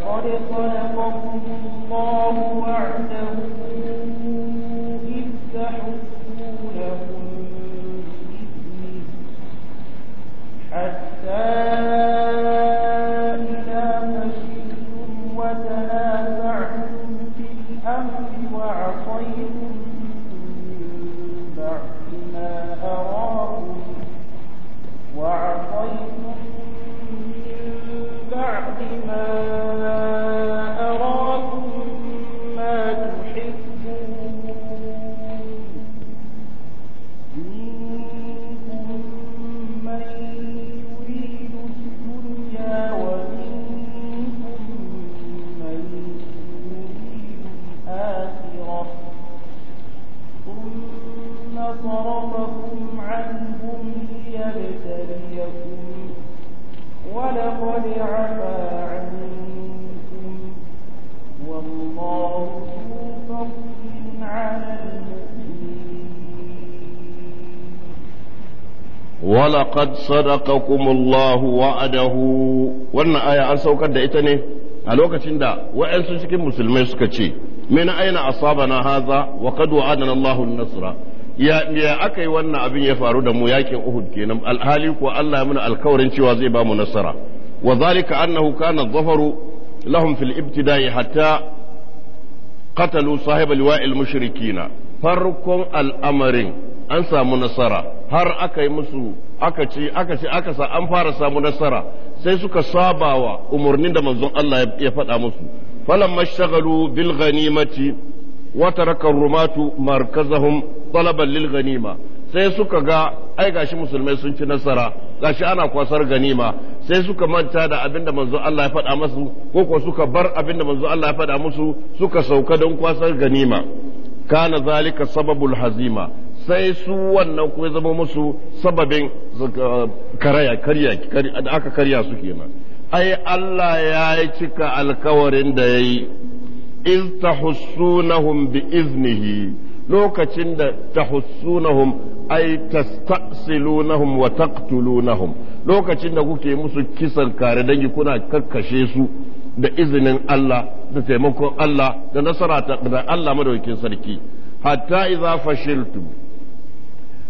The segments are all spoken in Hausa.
لقد خلقكم الله laqad sadaqakumullahu wa'adahu wannan aya an saukar da ita ne a lokacin da wa'ansu cikin musulmai suka ce min aina na haza wa qad wa'adana Allahu an-nasra ya ya akai wannan abin ya faru da mu yakin Uhud kenan alhali ko Allah ya muna alkawarin cewa zai ba mu nasara wa zalika annahu kana dhafaru lahum fil ibtida'i hatta qatalu sahib liwa'i mushrikina farkon al'amarin an samu nasara har aka yi musu aka ci aka ci aka sa an fara samu nasara sai suka sabawa umarnin da manzon Allah ya faɗa musu falan mashagalu bil ghanimati wa taraka rumatu markazahum talaban lil ghanima sai suka ga ai gashi musulmai sun ci nasara gashi ana kwasar ganima sai suka manta da abin da manzo Allah ya faɗa musu ko ko suka bar abin da manzo Allah ya faɗa musu suka sauka don kwasar ganima kana zalika sababul hazima sai su wannan ya zama musu sababin karaya karya aka karya su kenan ai Allah ya yi cika alkawarin da ya yi iz tahussunahum bi iznihi lokacin da tahussunahum ai tastasilunahum wa taqtulunahum lokacin da kuke musu kisan kare dangi kuna karkashe su da izinin Allah da taimakon Allah da nasara da Allah madaukin sarki hatta idza fashiltum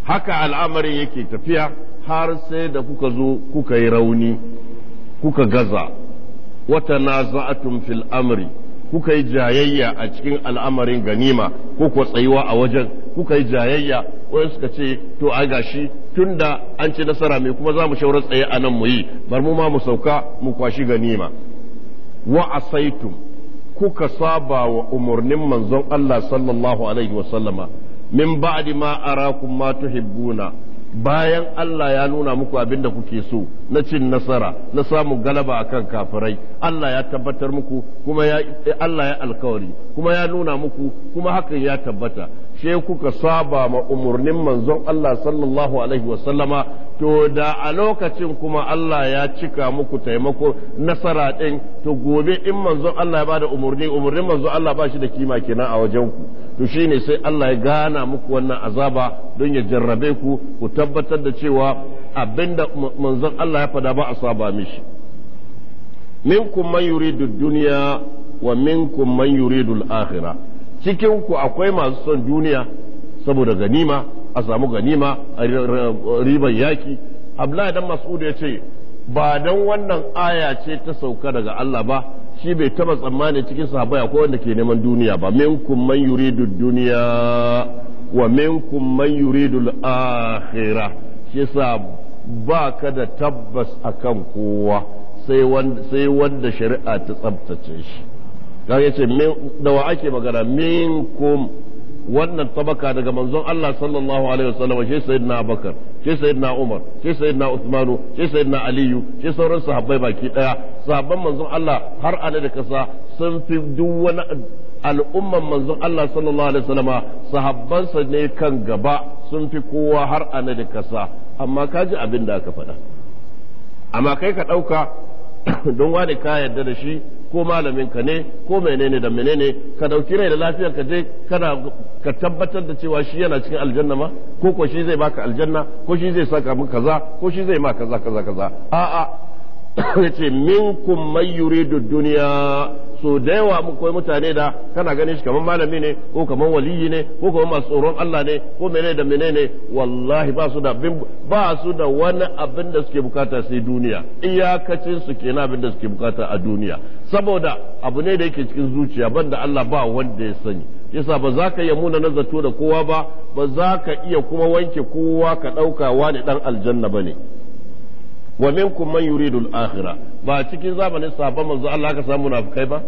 haka al'amarin yake tafiya har sai da kuka zo kuka yi rauni kuka gaza wata na za'atun fil amri kuka yi jayayya a cikin al'amarin ganima ko kuwa tsayuwa a wajen kuka yi jayayya wai suka ce to a gashi tun an ci nasara mai kuma za mu shaura tsaye a nan mu yi bar mu ma mu sauka mu kwashi ganima wa asaitum kuka saba wa umarnin manzon Allah sallallahu alaihi wa sallama min ba'di ma arakum ma tuhibbuna bayan Allah ya nuna muku abin da kuke so na cin nasara na samun galaba akan kafirai Allah ya tabbatar muku kuma ya Allah ya alkawari kuma ya nuna muku kuma hakan ya tabbata sai kuka saba ma umarnin manzon Allah sallallahu alaihi wasallama to da a lokacin kuma Allah ya cika muku taimako nasara ɗin to gobe in manzon Allah ya bada umarni umarnin manzon Allah ba shi da kima kenan a wajen ku to shine sai Allah ya gana muku wannan azaba don ya jarrabe ku ku tabbatar da cewa abinda manzon Allah ya fada ba a saba mishi minkum man yuridu dunya wa minkum man yuridu al-akhirah cikin ku akwai masu son duniya saboda ganima a samu ganima a riban yaki abdullahi dan mas'ud ya ce ba dan wannan aya ce ta sauka daga Allah ba shi bai taba tsammani cikin sahabbai akwai wanda ke neman duniya ba minkum man yuridu duniya wa minkum man yuridu al-akhirah shi sa ba ka da tabbas akan kowa sai wanda shari'a ta tsabtace shi ga ya ce da wa ake magana kum wannan tabaka daga manzon Allah sallallahu alaihi wasallam shi sayyidina Abubakar shi sayyidina Umar shi sayyidina Uthman shi sayyidina Aliyu shi sauran sahabbai baki daya sahabban manzon Allah har ana da kasa sun fi duk wani al'umman manzon Allah sallallahu alaihi wasallam sa ne kan gaba sun fi kowa har ana da kasa amma kaji abin da aka faɗa amma kai ka ɗauka don wani ka yarda da shi ko malamin ka ne ko menene da menene ka dauki rai da lafiyar ka je kana ka tabbatar da cewa shi yana cikin aljanna ma ko ko shi zai baka aljanna ko shi zai saka maka kaza ko shi zai ma kaza kaza kaza a'a yace minkum may yuridu dunya so da yawa mu koyi mutane da kana ganin shi kamar malami ne ko kamar waliyi ne ko kamar masu tsoron Allah ne ko mene da ne wallahi ba su da ba su da wani abin da suke bukata sai duniya iyakacin su kenan abin da suke bukata a duniya saboda abu ne da yake cikin zuciya banda Allah ba wanda ya sani yasa ba za ka iya muna na zato da kowa ba ba za ka iya kuma wanke kowa ka ɗauka wani ɗan aljanna ba ne wa minkum man yuridu al-akhirah ba cikin zamanin sahabban manzo Allah aka samu munafikai ba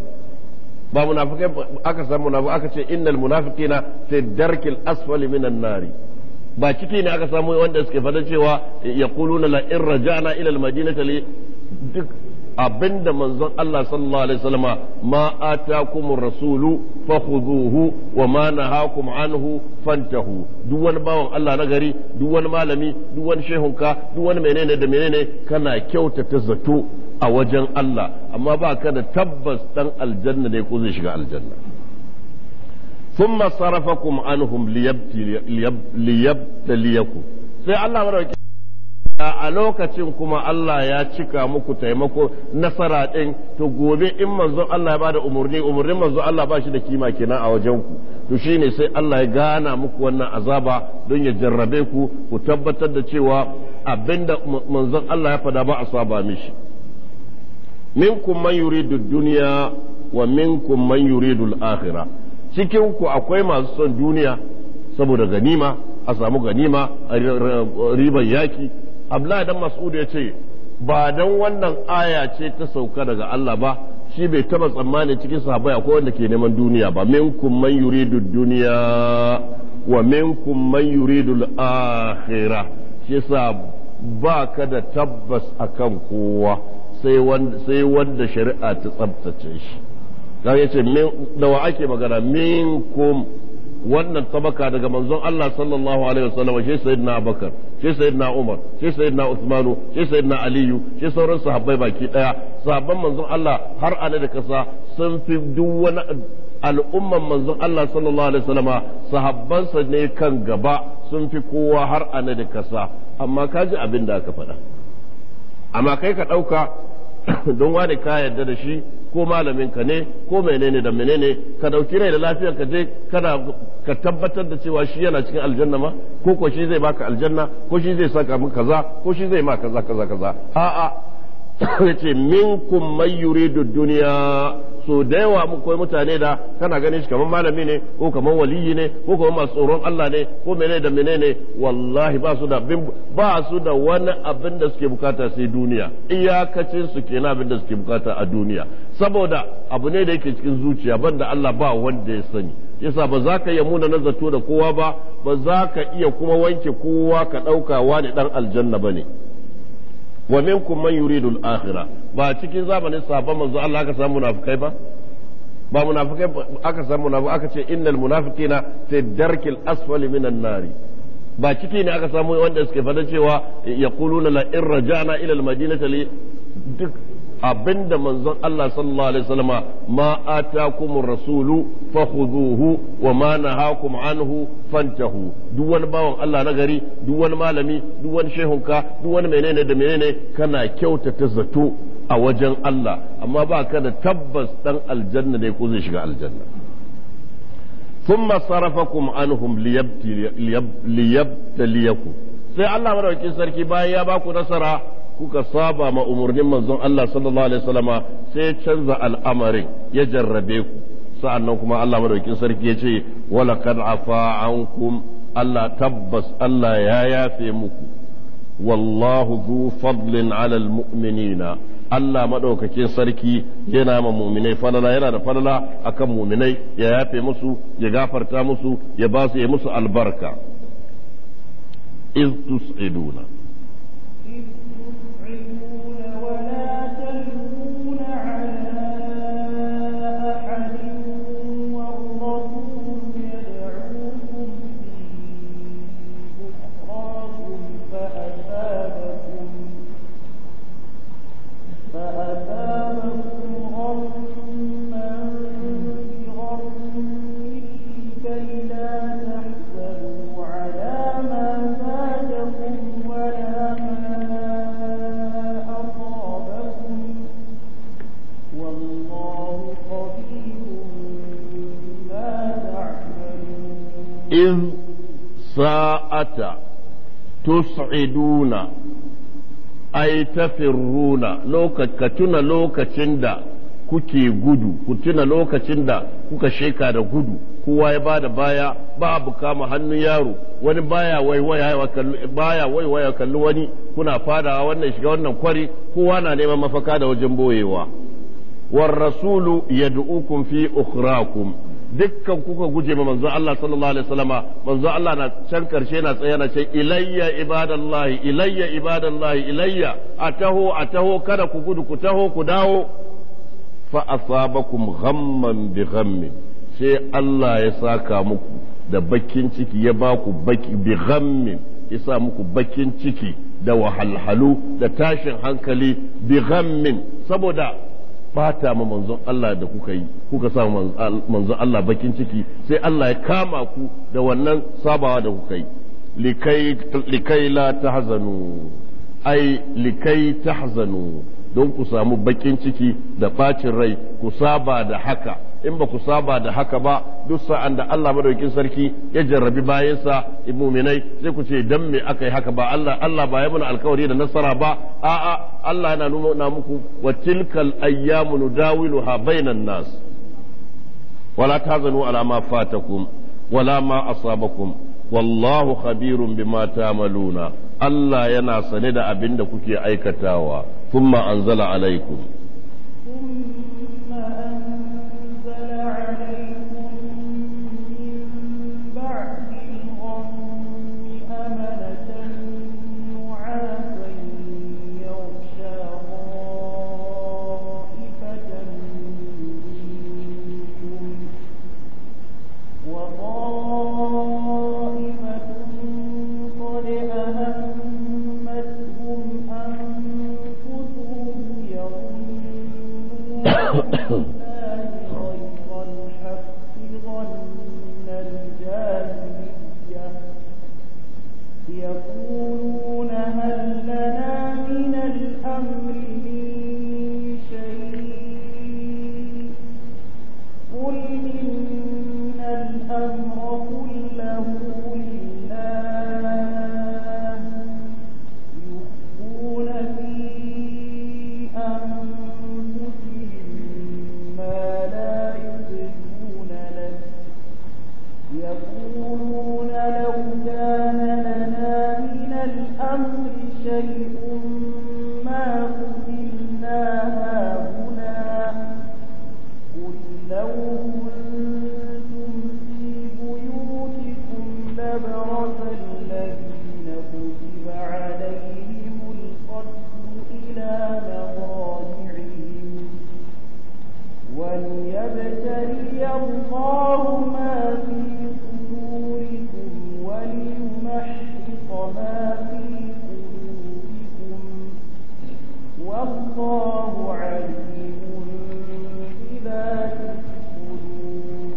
ba munafikai aka samu munafikai aka ce innal munafiqina fi darkil asfali minan nari ba ciki ne aka samu wanda suke fada cewa yaquluna la in raja'na ila al-madinati duk abinda manzon Allah sallallahu alaihi wasallama ma atakumur rasulu fakhuduhu wa ma nahakum anhu fantahu duk wani bawan Allah na gari duk wani malami duk wani shehunka duk wani menene da menene kana kyautata zato a wajen Allah amma ba ka da tabbas dan aljanna ne ko zai shiga aljanna ثم صرفكم عنهم ليبتليكم ليبتليكم sai Allah madaukakin a lokacin kuma Allah ya cika muku taimako nasara ɗin to gobe in manzon Allah ya bada umarni umarnin manzon Allah ba shi da kima kenan a wajen ku to shine sai Allah ya gana muku wannan azaba don ya jarrabe ku ku tabbatar da cewa abinda manzon Allah ya fada ba a saba mishi minkum man yuridu dunya wa minkum man yuridu al-akhirah cikin ku akwai masu son duniya saboda ganima a samu ganima a riba yaki abdullahi dan mas'ud ya ce ba dan wannan aya ce ta sauka daga Allah ba shi bai taba tsammani cikin sahabbai akwai wanda ke neman duniya ba minkum man yuridu duniya wa minkum man yuridu al-akhirah shi yasa ba ka da tabbas akan kowa sai wanda sai wanda shari'a ta tsabtace shi dan yace min da wa ake magana minkum wannan tabaka daga manzon Allah sallallahu alaihi wasallam shi sayyidina Abubakar sai sayyidina Umar sai sayyidina Uthmanu sai sayyidina Aliyu sai sauran sahabbai baki daya sahabban manzon Allah har ana da kasa sun fi duk wani al'umman manzon Allah sallallahu alaihi wasallama sa ne kan gaba sun fi kowa har ana da kasa amma kaji abin da aka faɗa amma kai ka ɗauka don wani ka yarda da shi ko malamin ka ne ko menene da menene ka dauki rai da lafiyar ka je kana ka tabbatar da cewa shi yana cikin aljanna ma ko ko shi zai baka aljanna ko shi zai saka maka kaza ko shi zai ma kaza kaza kaza a'a yace minkum may yuridu dunya so da yawa koyi mutane da kana ganin shi kamar malami ne ko kamar waliyi ne ko kamar masu tsoron Allah ne ko menene da menene wallahi ba su da ba su da wani abin da suke bukata sai duniya iyakacin su kenan abin da suke bukata a duniya saboda abu ne da yake cikin zuciya banda Allah ba wanda ya sani yasa ba za ka iya muna na zato da kowa ba ba za ka iya kuma wanke kowa ka ɗauka wani ɗan aljanna ba ne wa minkum man yuridu al-akhirah ba cikin zamanin sahabban manzo Allah aka samu munafikai ba ba munafikai aka samu munafikai aka ce innal munafiqina fi darkil asfali minan nari ba ciki ne aka samu wanda suke fada cewa yaquluna la in raja'na ila al-madinati duk abinda manzon Allah sallallahu alaihi wasallama ma atakumur rasulu fakhuduhu wa ma nahakum anhu fantahu duk wani bawan Allah na gari duk wani malami duk wani shehunka duk wani menene da menene kana kyautata zato a wajen Allah amma ba ka da tabbas dan aljanna ne ko zai shiga aljanna thumma sarafakum anhum liyabtaliyakum sai Allah madaukakin sarki bayan ya baku nasara kuka saba ma umarnin manzon Allah sallallahu alaihi wasallama sai canza al'amarin ya jarrabe ku sa'annan kuma Allah madaukin sarki ya ce wala kad afa ankum Allah tabbas Allah ya yafe muku wallahu zu fadlin ala almu'minina Allah madaukakin sarki yana ma muminai falala yana da falala akan muminai ya yafe musu ya gafarta musu ya ba su ya musu albarka iz tus'iduna sa'ata tus'iduna ai tafirruna ka tuna lokacin da kuke gudu ku tuna lokacin da kuka sheka da gudu kowa ya bada baya babu kama hannun yaro wani baya waiwaya baya wai kalli wani kuna fadawa wannan shiga wannan kwari kowa na neman mafaka da wajen boyewa war rasulu yad'ukum fi ukhrakum dukkan kuka guje ma manzon Allah sallallahu alaihi wasallama manzon Allah na can karshe na tsaya na ce ilayya ibadallahi ilayya ibadallahi ilayya ataho ataho kada ku gudu ku taho ku dawo fa asabakum ghamman bi ghammin sai Allah ya saka muku da bakin ciki ya ba ku baki bi ghammin ya muku bakin ciki da wahalhalu da tashin hankali bi ghammin saboda bata ma manzon Allah da kuka yi kuka sa manzon Allah bakin ciki sai Allah ya kama ku da wannan sabawa da kuka yi likai la tahzanu ai likai tahzanu don ku samu bakin ciki da bacin rai ku saba da haka in ba ku saba da haka ba duk sa'an da Allah madaukin sarki ya jarrabi bayansa muminai sai ku ce dan me aka yi haka ba Allah Allah ba ya mana alkawari da nasara ba a'a Allah yana nuna muku wa tilkal ayyamu nudawiluha bainan nas wala tazanu ala ma fatakum wala ma asabakum wallahu khabirun bima tamaluna Allah yana sane da abin da kuke aikatawa thumma anzala alaikum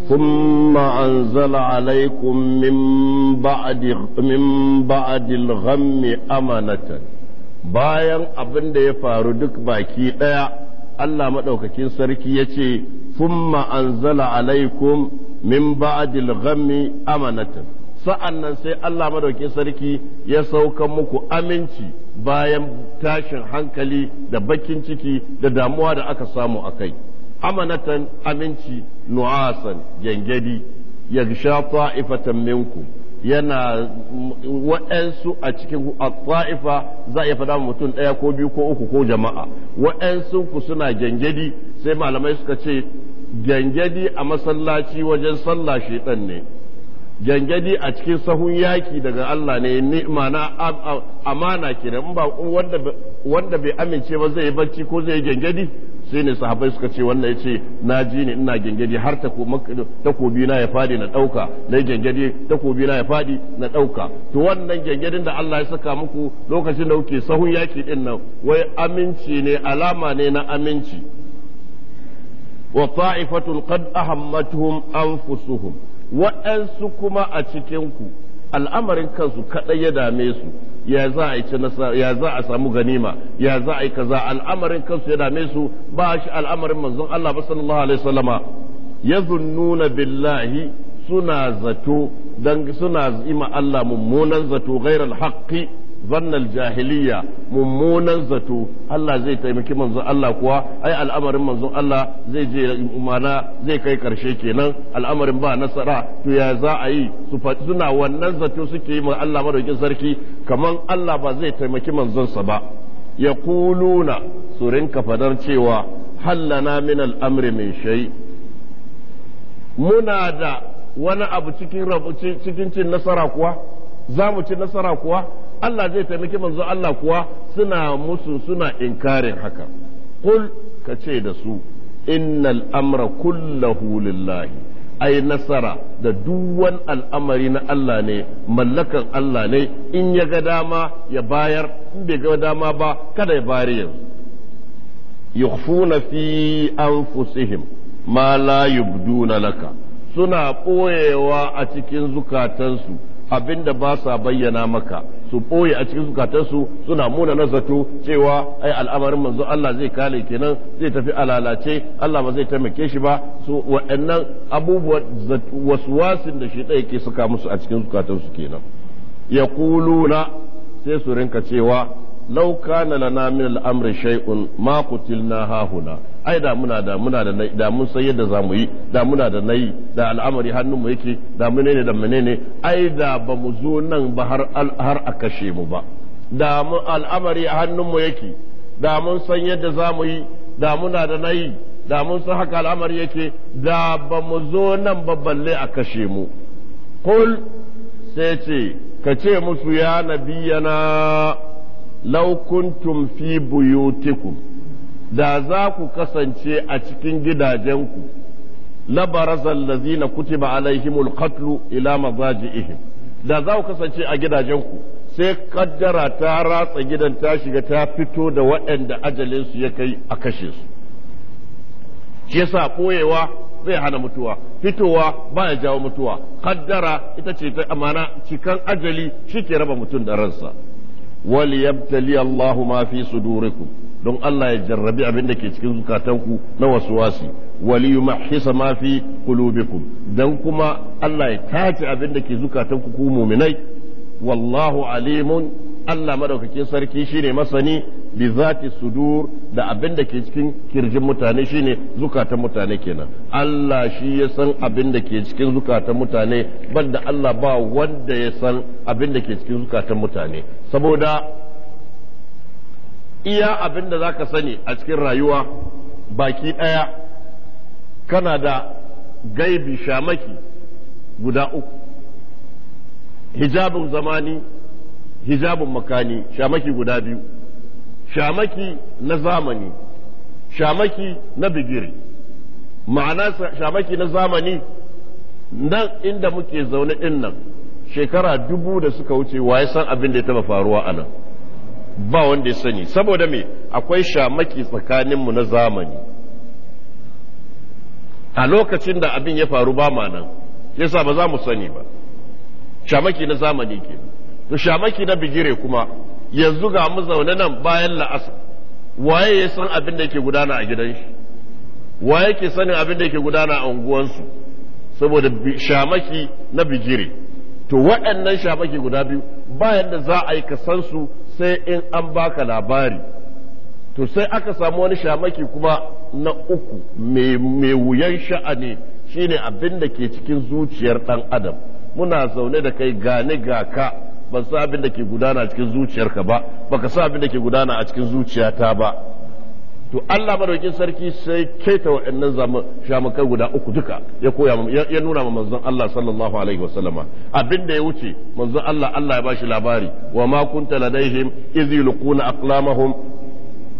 ثم أنزل عليكم من بعد من بعد الغم أمانة bayan abin da ya faru duk baki ɗaya Allah maɗaukakin sarki ya ce thumma anzala alaikum min ba'dil ghammi amanatan sa'annan sai Allah maɗaukakin sarki ya sauka muku aminci bayan tashin hankali da bakin ciki da damuwa da aka samu a kai amanatan aminci nu'asan gyangyadi ya sha ta'ifatan minku yana waɗansu a cikin ta'ifa za a iya faɗa mutum ɗaya ko biyu ko uku ko jama'a waɗansu ku suna gyangyadi sai malamai suka ce gyangyadi a masallaci wajen sallah shaitan ne gyangyaɗi a cikin sahun yaki daga Allah ne ni'ima na amana kenan in ba wanda bai amince ba zai yi bacci ko zai yi gyangyaɗi sai ne sahabbai suka ce wannan yace na ji ne ina gyangyaɗi har takobi na ya fadi na ɗauka na gyangyaɗi takobi na ya fadi na ɗauka to wannan gyangyaɗin da Allah ya saka muku lokacin da kuke sahun yaki din nan wai aminci ne alama ne na aminci wa ta'ifatul qad ahammatuhum anfusuhum waɗansu kuma a cikinku al'amarin kansu kaɗai ya dame su ya za a samu ganima ya za a yi kaza al'amarin kansu ya dame su ba shi al'amarin manzon Allah ba sallallahu alaihi wasallama yazunnuna billahi suna zato dan suna zima Allah mummunan zato gairar haqqi Zannan jahiliya mummunan zato Allah zai taimaki manzon Allah kuwa ai al'amarin manzon Allah zai je mana zai kai karshe kenan al'amarin ba nasara to ya za a yi su suna wannan zato suke yi ma Allah madaukin sarki kaman Allah ba zai taimaki manzon sa ba yaquluna su rinka fadar cewa hallana min al'amri min shay muna da wani abu cikin cikin cin nasara kuwa za mu ci nasara kuwa Allah zai taimaki manzo Allah kuwa suna musu suna inkarin haka kul ka ce da su innal amra kullahu lillahi ai nasara da duwan al'amari na Allah ne mallakan Allah ne in ya ga dama ya bayar in bai ga dama ba kada ya bayar yanzu yukhfuna fi anfusihim ma la yubduna laka suna ɓoyewa a cikin zukatansu abinda ba sa bayyana maka su ɓoye a cikin zukatansu suna muna zato cewa ai al'amarin manzo Allah zai kale kenan zai tafi alalace Allah ba zai taimake shi ba su waɗannan abubuwan wasin da shi ɗaya ke suka musu a cikin zukatansu kenan ya kuluna sai su rinka cewa lauka na lana min al'amri shay'un ma na hahuna ai da muna da muna da da mun san yadda zamu yi da muna da nayi da al'amari hannun mu yake da menene da menene ai da ba mu zo nan ba har har a kashe mu ba da mu al'amari hannun mu yake da mun san yadda zamu yi da muna da nayi da mun san haka al'amari yake da ba mu zo nan ba balle a kashe mu kul sai ce ka ce musu ya nabiyana law kuntum fi buyutikum da za ku kasance a cikin gidajenku labarazan lazina kutiba alaihimul katlu ila mazaji ihim da za ku kasance a gidajenku sai kaddara ta ratsa gidan ta shiga ta fito da waɗanda ajalinsu ya kai a kashe su shi yasa ɓoyewa zai hana mutuwa fitowa ba ya jawo mutuwa kaddara ita ce ta amana cikan ajali shi ke raba mutum da ransa wal yabtali Allahu ma fi sudurikum don Allah ya jarrabi abin da ke cikin zukatanku na wasu wasi wali yumahhisa ma fi qulubikum don kuma Allah ya tace abin da ke zukatanku ku mu'minai wallahu alimun Allah madaukakin sarki shine masani bi zati sudur da abin da ke cikin kirjin mutane shine zukatan mutane kenan Allah shi ya san abin da ke cikin zukatan mutane banda Allah ba wanda ya san abin da ke cikin zukatan mutane saboda iya abin da za ka sani a cikin rayuwa baki ɗaya kana da gaibi shamaki guda uku hijabin zamani hijabin makani shamaki guda biyu shamaki na zamani shamaki na bigiri ma'ana shamaki na zamani nan inda muke zaune ɗin nan shekara dubu da suka wuce waye san abin da ya taba faruwa a nan ba wanda ya sani saboda me akwai shamaki tsakaninmu na zamani a lokacin da abin ya faru ba ma nan yasa ba za mu sani ba shamaki na zamani ke to shamaki na bigire kuma yanzu ga mu zaune nan bayan la'asa waye ya san abin da yake gudana a gidan shi waye ke sanin abin da yake gudana a unguwansu saboda shamaki na bigire to waɗannan shamaki guda biyu ba yadda za a yi ka su sai in an baka labari to sai aka samu wani shamaki kuma na uku mai wuyan sha'ani shine abin da ke cikin zuciyar ɗan adam muna zaune da kai gane ga ka ban sa abin da ke gudana a cikin zuciyarka ba baka sa abin da ke gudana a cikin zuciyata ba to Allah madaukin sarki sai keta waɗannan shamukai guda uku duka ya koya ya nuna ma manzon Allah sallallahu alaihi sallama abin da ya wuce manzon Allah Allah ya bashi labari wa ma kunta ladaihim idh yulquna aqlamahum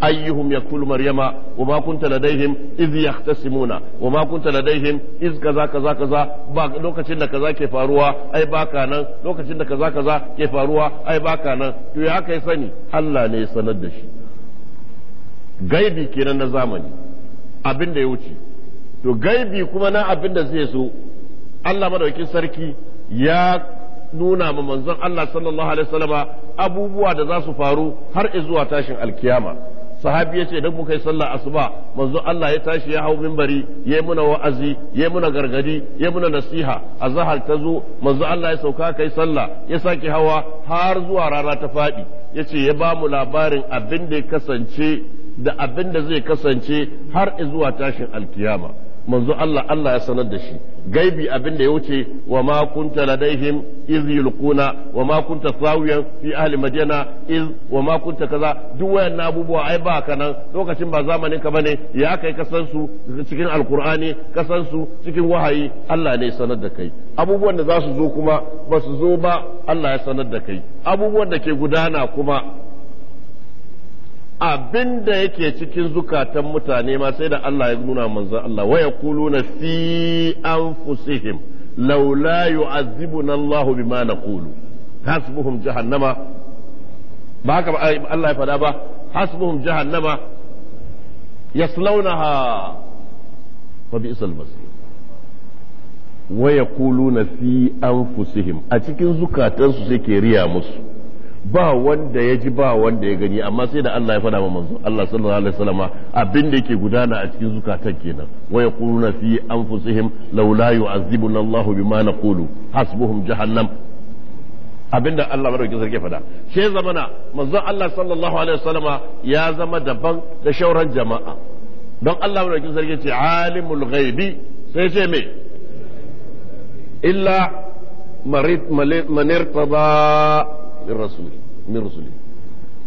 ayyuhum yakulu maryama wa ma kunta ladaihim idh yahtasimuna wa ma kunta ladaihim idh kaza kaza kaza ba lokacin da kaza ke faruwa ai baka nan lokacin da kaza kaza ke faruwa ai baka nan to ya kai sani Allah ne ya sanar da shi gaibi kenan na zamani abin da ya wuce to gaibi kuma na abin da zai so Allah madaukin sarki ya nuna ma manzon Allah sallallahu alaihi wasallama abubuwa da za su faru har zuwa tashin alkiyama sahabi ya ce idan muka yi sallah asuba manzo Allah ya tashi ya hau minbari ya yi muna wa'azi ya yi muna gargadi ya yi muna nasiha a zahar ta zo manzo Allah ya sauka kai sallah ya sake hawa har zuwa rana ta faɗi ya ce ya ba mu labarin abin da ya kasance da abin da zai kasance har zuwa tashin alkiyama manzo Allah Allah ya sanar da shi gaibi abin da ya wuce wa ma kunta ladaihim iz yulquna wa ma kunta sawiyan fi ahli madina iz wa ma kunta kaza duk wayannan abubuwa ai ba ka nan lokacin ba zamanin ka bane ya kai kasansu su cikin alqur'ani kasan su cikin wahayi Allah ne ya sanar da kai abubuwan da za su zo kuma ba su zo ba Allah ya sanar da kai abubuwan da ke gudana kuma abin da yake cikin zukatan mutane ma sai da Allah ya nuna manzan Allah wa na fi anfusihim laula na Allahu na kulu hasbuhum jahannama ba haka ba Allah ya fada ba hasbuhum jahannama yaslaunaha bi isal masu wa na fi fusihim? a cikin zukatansu sai ke riya musu ba wanda ya ji ba wanda ya gani amma sai da Allah ya faɗa wa manzo Allah sallallahu alaihi wasallama abin da yake gudana a cikin zukatan kenan wa yaquluna fi anfusihim laula yu'azzibuna Allahu bima naqulu hasbuhum jahannam abinda Allah madauki sarki faɗa shi zamana manzon Allah sallallahu alaihi wasallama ya zama daban da shauran jama'a don Allah madauki sarki ce alimul ghaibi sai ce me illa marid manirtada min rasuli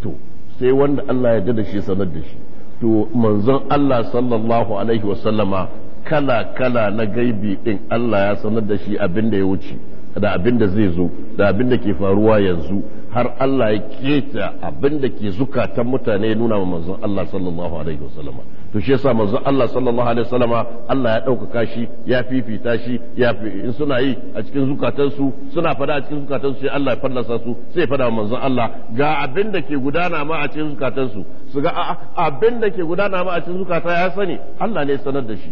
to sai wanda Allah ya da shi sanar da shi to manzon Allah sallallahu alaihi wa sallama kala kala na gaibi din Allah ya sanar da shi abin da ya wuce da abin da zai zo da abin da ke faruwa yanzu har Allah ya keta abin da ke zukatan mutane ya nuna wa manzon Allah sallallahu alaihi wa sallama. to shi yasa manzo Allah sallallahu alaihi wasallama Allah ya ɗaukaka shi ya fifita shi ya in suna yi a cikin zukatansu suna fada a cikin zukatansu sai Allah ya fallasa su sai fada manzo Allah ga abin da ke gudana ma a cikin zukatansu su ga a abin da ke gudana ma a cikin zukata ya sani Allah ne sanar da shi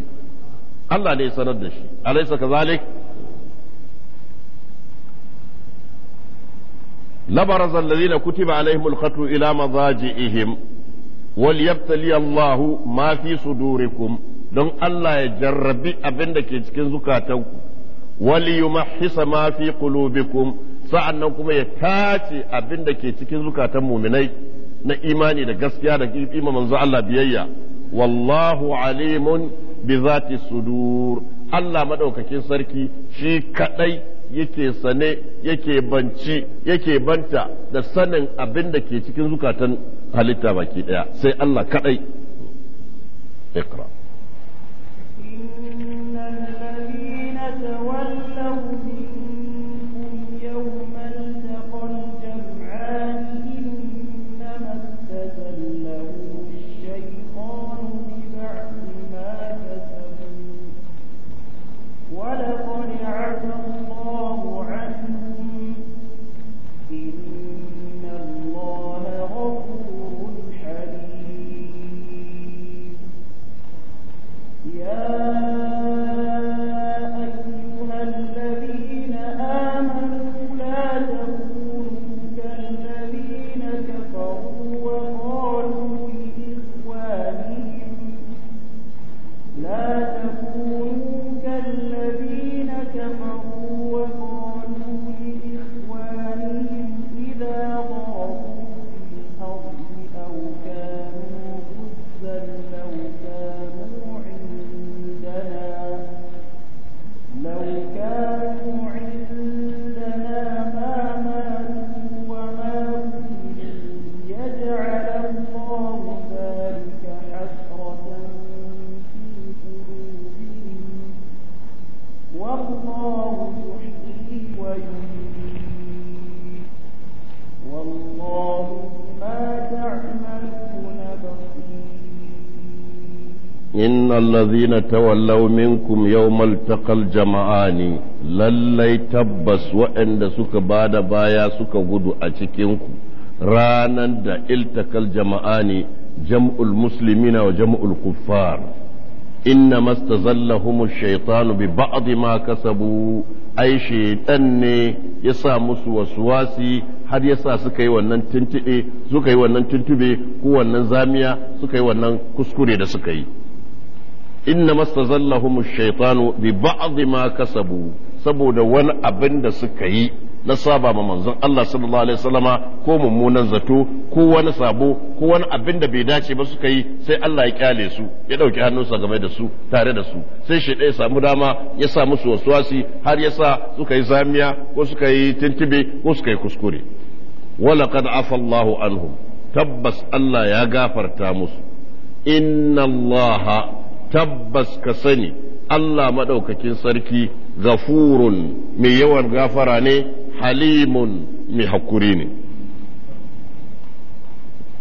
Allah ne sanar da shi alaysa kazalik لبرز الذين كتب عليهم القتل إلى مضاجئهم وليبتلي الله ما في صدوركم don Allah ya jarrabi abin da ke cikin zukatanku wali yumahhisa ma fi qulubikum sa'annan kuma ya tace abin da ke cikin zukatan muminai na imani da gaskiya da kima manzo biyayya wallahu alimun bi zati Allah madaukakin sarki shi kadai yake sane yake banci yake banta da sanin abin da ke cikin zukatan halitta baki daya sai Allah kadai iqra الذين تولوا منكم يوم التقى الجمعان للي تبس وإن سك بعد بايا سك غدو أتكينكم رانا دا التقى الجمعان جمع المسلمين وجمع الكفار إنما استزلهم الشيطان ببعض ما كسبوا ai shaitan ne ya sa musu wasuwasi har ya sa suka yi wannan tuntube suka yi wannan tuntube ko wannan zamiya suka yi wannan kuskure da suka yi inna mastazallahum ash-shaytanu bi ba'd ma kasabu saboda wani abin da suka yi na saba ma manzon Allah sallallahu alaihi wasallama ko mummunan zato ko wani sabo ko wani abin da bai dace ba suka yi sai Allah ya kyale su ya dauki hannunsa game da su tare da su sai shi ya samu dama ya sa musu waswasi har ya sa suka yi zamiya ko suka yi tintibe ko suka yi kuskure walaqad afa Allahu anhum tabbas Allah ya gafarta musu inna Allaha tabbas ka sani Allah maɗaukakin sarki gafurun mai yawan gafara ne halimun mai hakuri ne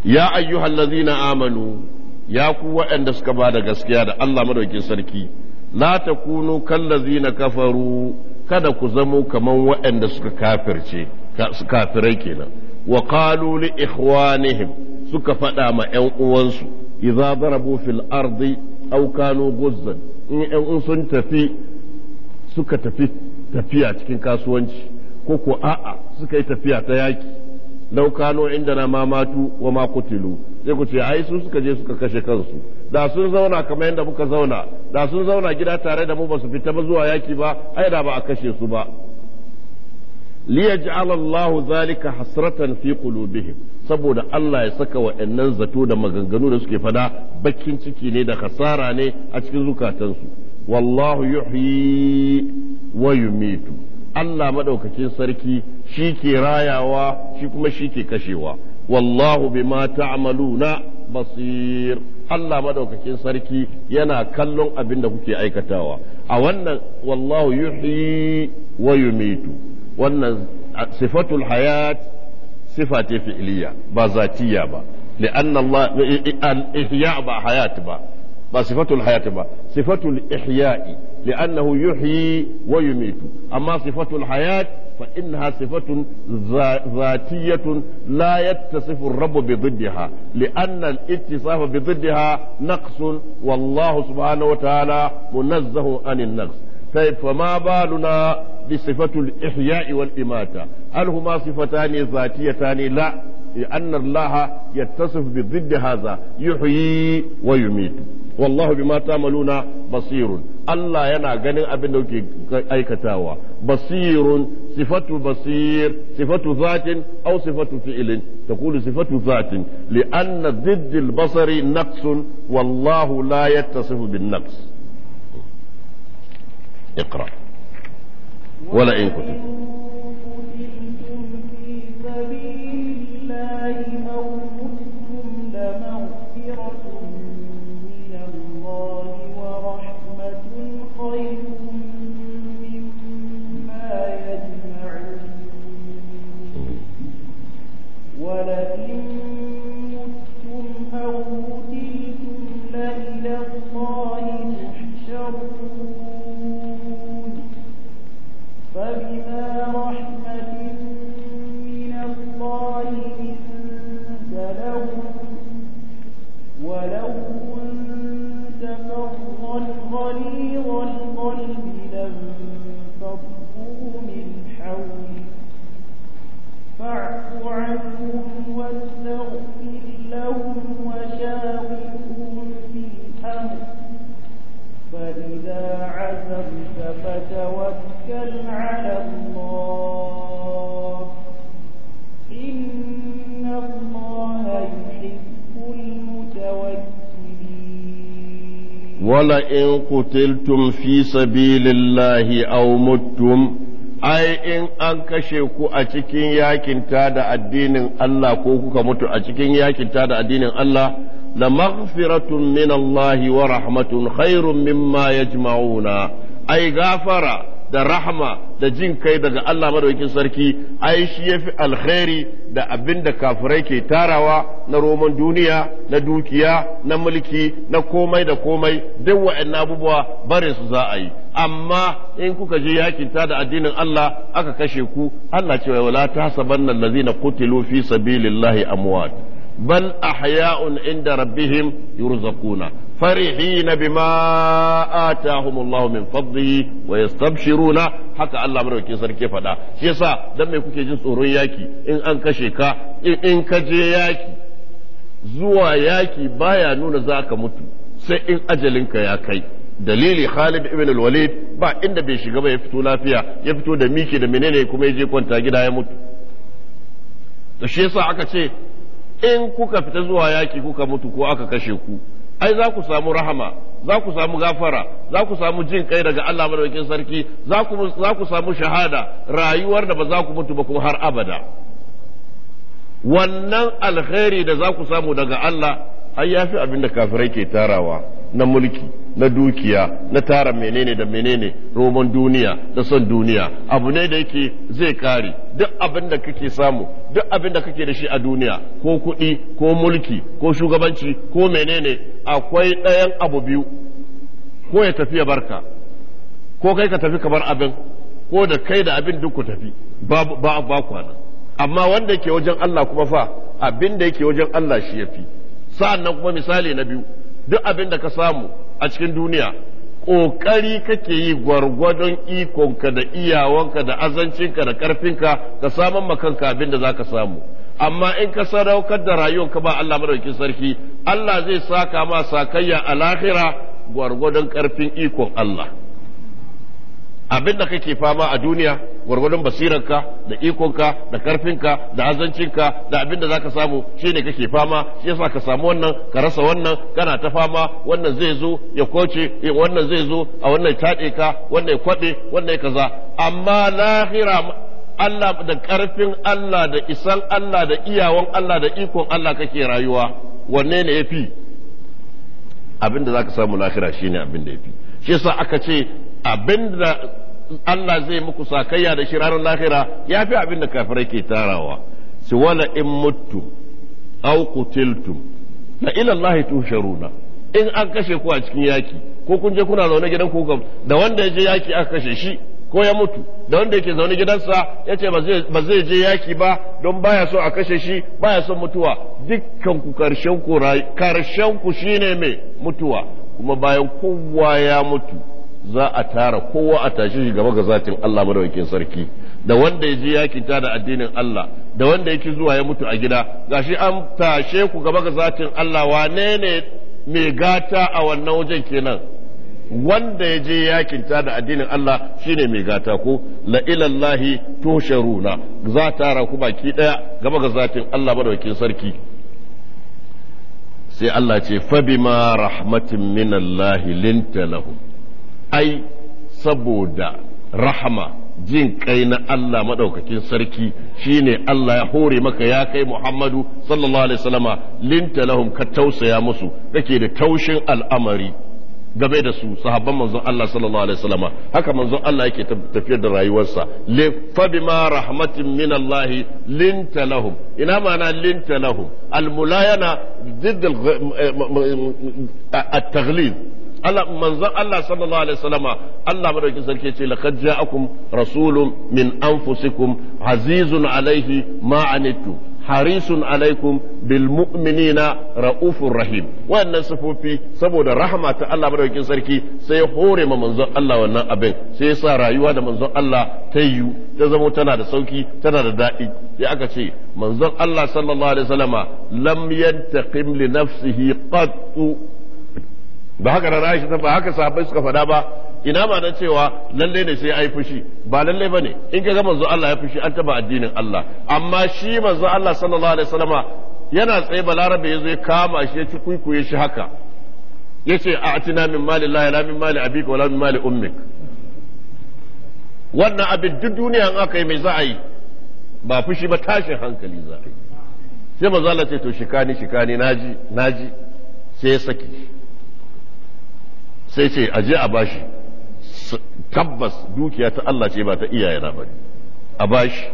ya ayyuhallazina amanu ya ku waɗanda suka ba da gaskiya da Allah maɗaukakin sarki la takunu kallazina kafaru kada ku zamo kaman waɗanda suka kafirce kafirai kenan wa qalu li ikhwanihim suka faɗa ma 'yan uwansu idza darabu fil ardi aukano guzzan in sun tafi suka tafi tafiya cikin kasuwanci ko ko a'a suka yi tafiya ta yaki kano inda na mamatu wa ma kutilu sai ku ce ai su suka je suka kashe kansu da sun zauna kamar yadda muka zauna da sun zauna gida tare da mu ba su fita ba zuwa yaki ba ai da ba a kashe su ba liyaj'al Allahu zalika hasratan fi qulubihim saboda Allah ya saka waɗannan zato da maganganu da suke fada bakin ciki ne da khasara ne a cikin zukatansu wallahu yuhyi wa yumitu Allah madaukakin sarki shi ke rayawa shi kuma shi ke kashewa wallahu bima ta'maluna basir Allah madaukakin sarki yana kallon abin da kuke aikatawa a wannan wallahu yuhyi wa yumitu wannan sifatul hayat صفات فعلية بذاتية با لأن الله الإحياء با حياة با با صفة الحياة با صفة الإحياء لأنه يحيي ويميت أما صفة الحياة فإنها صفة ذاتية لا يتصف الرب بضدها لأن الاتصاف بضدها نقص والله سبحانه وتعالى منزه عن النقص طيب فما بالنا بصفة الإحياء والإماتة هل هما صفتان ذاتيتان لا لأن الله يتصف بضد هذا يحيي ويميت والله بما تعملون بصير الله ينا غنين أبن دوكي أي كتاوى بصير صفة بصير صفة ذات أو صفة فعل تقول صفة ذات لأن ضد البصر نقص والله لا يتصف بالنقص اقرأ ولا ان كتب Wala in kutiltum fi sabilillahi aw muttum ai in an kashe ku a cikin yakin da addinin Allah ko kuka mutu a cikin yakin da addinin Allah la maghfiratun minallahi wa rahmatun khairun mimma yajma'una ai gafara da rahama da jin kai daga Allah madaukakin sarki ai shi yafi alkhairi da abinda da kafirai ke tarawa na roman duniya na dukiya na mulki na komai da komai duk wa'in abubuwa bare su za a yi amma in kuka je yakin ta da addinin Allah aka kashe ku Allah wa la tasabanna allazina qutilu fi sabilillahi amwat bal ahya'un inda rabbihim yurzaquna farihina bima atahumullahu min fadli wa yastabshiruna haka Allah madaukakin sarki faɗa shi yasa dan me kuke jin tsoron yaki in an kashe ka in ka je yaki zuwa yaki baya nuna za ka mutu sai in ajalinka ya kai dalili Khalid ibn al-Walid ba inda bai shiga ba ya fito lafiya ya fito da miki da menene kuma ya je kwanta gida ya mutu to shi yasa aka ce in kuka fita zuwa yaki kuka mutu ko aka kashe ku ai za ku samu rahama za ku samu gafara za ku samu jin kai daga Allah madaukakin sarki za ku samu shahada rayuwar da ba za ku mutu ba kuma har abada wannan alkhairi da za ku samu daga Allah ai yafi abin da kafirai ke tarawa na mulki na dukiya na tara menene da menene roman duniya da son duniya abu ne da yake zai kare duk abin da kake samu duk abin da kake da shi a duniya ko kuɗi ko mulki ko shugabanci ko menene akwai ɗayan abu biyu ko ya tafi ya barka ko kai ka tafi kamar abin ko da kai da abin duk ku tafi ba ba kwana amma wanda yake wajen Allah kuma fa abin da yake wajen Allah shi yafi sa'annan kuma misali na biyu duk abin da ka samu a cikin duniya ƙoƙari kake yi gwargwadon ikonka da iyawanka da azancinka da ƙarfinka ka samun makanka abin da za ka samu amma in ka sadaukar da rayuwar ka ba Allah madaukin sarki Allah zai saka ma sakayya a lahira gwargwadon ƙarfin ikon Allah abin da kake fama a duniya gwargwadon basiranka da ikonka da karfinka da azancinka da abin da zaka samu shi ne kake fama shi yasa ka samu wannan ka rasa wannan kana ta fama wannan zai zo ya koce eh, wannan zai zo a wannan taɗe ka wannan ya kwaɗe wannan ya kaza amma lahira Allah da karfin Allah da isan Allah da iyawan Allah da ikon Allah kake rayuwa wanne ne ya fi abin da zaka samu lahira shine abin da ya fi shi yasa aka ce abinda Allah zai muku sakayya da shi ranar lahira ya fi abin da kafirai ke tarawa su wala in mutu au qutiltum la ila Allah tusharuna in an kashe ku a cikin yaki ko kun je kuna zaune gidan ku da wanda ya je yaki aka kashe shi ko ya mutu da wanda yake zaune gidansa ya ce ba zai je yaki ba don baya so a kashe shi baya son mutuwa dukkan ku karshen ku shine mai mutuwa kuma bayan kowa ya mutu za a tara kowa a tashe shi gaba ga zatin Allah madawakin sarki da wanda ya je yakin da addinin Allah da wanda yake zuwa ya mutu a gida gashi an tashe ku gaba ga zatin Allah wane ne mai gata a wannan wajen kenan wanda ya je yakin da addinin Allah shine mai gata ko la ilallahi tusharuna za tara ku baki daya gaba ga zatin Allah madawakin sarki sai Allah ce fabima rahmatin min Allah linta lahu ai saboda rahama jin kai na Allah madaukakin sarki shine Allah ya hore maka ya kai Muhammadu sallallahu alaihi wasallama linta lahum ka tausaya musu kake da taushin al'amari game da su sahabban manzon Allah sallallahu alaihi wasallama haka manzon Allah yake tafiyar da rayuwarsa li fabima rahmatin min Allah linta lahum ina ma'ana linta lahum almulayana ضد التغليظ eh, Allah manzon Allah sallallahu alaihi wasallama Allah madaukin sarki ce laqad ja'akum rasulun min anfusikum azizun alaihi ma anittum harisun alaikum bil mu'minina ra'ufur rahim wannan sifofi saboda rahama ta Allah madaukin sarki sai hore ma manzon Allah wannan abin sai sa rayuwa da manzon Allah ta yiwu ta zamo tana da sauki tana da daɗi sai aka ce manzon Allah sallallahu alaihi wasallama lam yantaqim li nafsihi qattu ba haka na ba haka sahabbai suka faɗa ba ina ma na cewa lalle ne sai ai fushi ba lalle bane in ka ga manzo Allah ya fushi an taba addinin Allah amma shi manzo Allah sallallahu alaihi wasallama yana tsaye balarabe zo ya kama shi ya ci kuikuye shi haka yace a atina min mali la min mali abika wala min mali ummik wannan abin duk duniya an aka yi mai za a yi ba fushi ba tashin hankali za a yi sai manzo Allah ce to shikani shikani naji naji sai ya saki sai ce aje a bashi tabbas dukiya ta Allah ce ba ta iyayena ba a bashi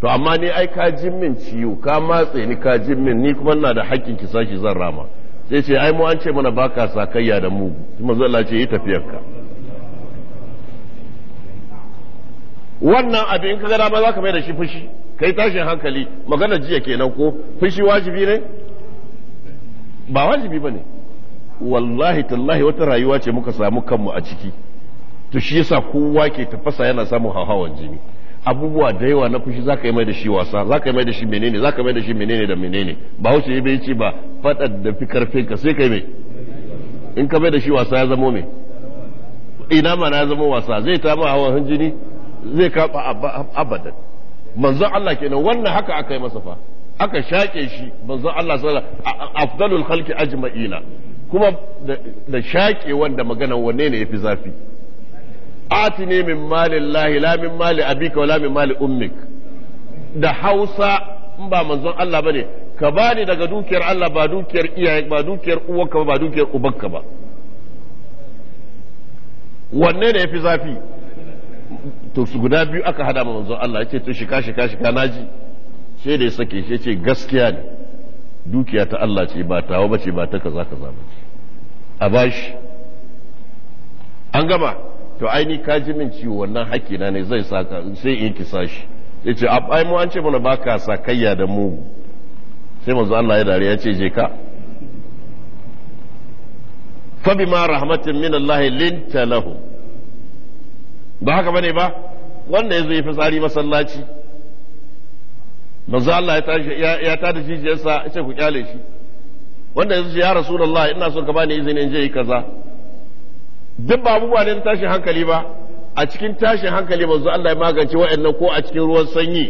to amma ni ai ka jin min ciwo ka matse ni ka jin min ni kuma na da haƙƙin ki sashi zan rama sai ce ai mu an ce mana baka sakayya da mugu manzo Allah ce yi tafiyarka wannan abin ka ga dama zaka mai da shi fushi kai tashin hankali magana jiya kenan ko fushi wajibi ne ba wajibi bane ne wallahi tallahi wata rayuwa ce muka samu kanmu a ciki to shi yasa kowa ke tafasa yana samun hauhawan jini abubuwa da yawa na fushi zaka yi mai da shi wasa zaka yi mai da shi menene zaka mai da shi menene da menene ba wuce bai yace ba fadar da fi karfin ka sai kai mai in ka mai da shi wasa ya zamo mai ina ma na zama wasa zai ta ma hawan jini zai kafa abadan manzo Allah kenan wannan haka aka yi masa fa aka shaƙe shi manzo Allah sallallahu afdalul khalqi ajma'ina kuma da shaƙe wanda magana wanne ne ya fi zafi ati ne min malin lahi la min mali abika wa la min mali ummik da hausa in ba manzon Allah bane ka bani daga dukiyar Allah ba dukiyar iyaye ba dukiyar uwarka ba ba dukiyar ubanka ba wanne ne ya fi zafi to su guda biyu aka hada ma manzon Allah ce to shika shika shika naji sai da ya sake shi ce gaskiya ne dukiya ta Allah ce ba tawa ce ba ta kaza kaza ba ce. a bashi an gama to aini ka ji min ciwo wannan hakina ne zai saka sai in kisa shi ya ce ai mu an ce mana ba ka sakayya da mugu sai mazu Allah ya dare ya ce je ka fabi ma rahmatin min Allah linta lahu ba haka bane ba wanda zo yi fitsari masallaci mazu Allah ya ya tada jijiyarsa ya ce ku kyale shi wanda ya ce ya rasulullah ina so ka bani izinin je yi kaza duk ba abubuwa ne na tashin hankali ba a cikin tashin hankali manzo Allah ya magance wa'annan ko a cikin ruwan sanyi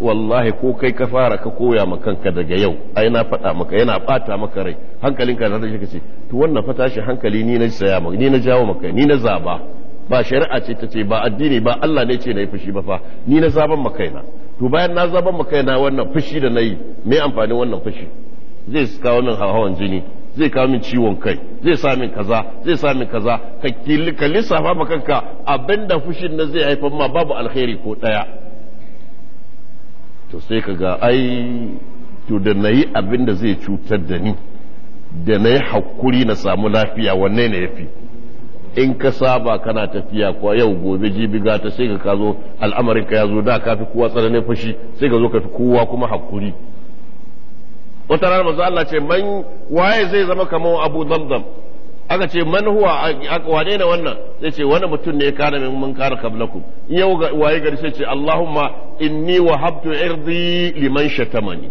wallahi ko kai ka fara ka koya ma kanka daga yau ai na faɗa maka yana ɓata maka rai hankalinka za ta shi kace to wannan fa tashin hankali ni na saya maka ni na jawo maka ni na zaba ba shari'a ce ta ce ba addini ba Allah ne ce na yi fushi ba fa ni na zaban na to bayan na zaban na wannan fushi da na yi me amfanin wannan fushi zai kawo min hawan jini zai kawo min ciwon kai zai sa min kaza zai sa min kaza ka ka lissafa ma kanka abinda fushin na zai haifar ma babu alkhairi ko ɗaya. to sai ka ga ai to da nayi abinda zai cutar da ni da nayi hakuri na samu lafiya wanne ne yafi in ka saba kana tafiya ko yau gobe jibi gata sai ka zo al'amarin ka ya zo da ka fi kowa tsananin fushi sai ka zo ka fi kowa kuma hakuri wata rana manzo Allah ce man waye zai zama kamar Abu Zamzam aka ce man huwa wane ne wannan zai ce wani mutum ne ya kada min mun kara kablakum yau waye gari sai ce Allahumma inni wahabtu irdi liman shatamani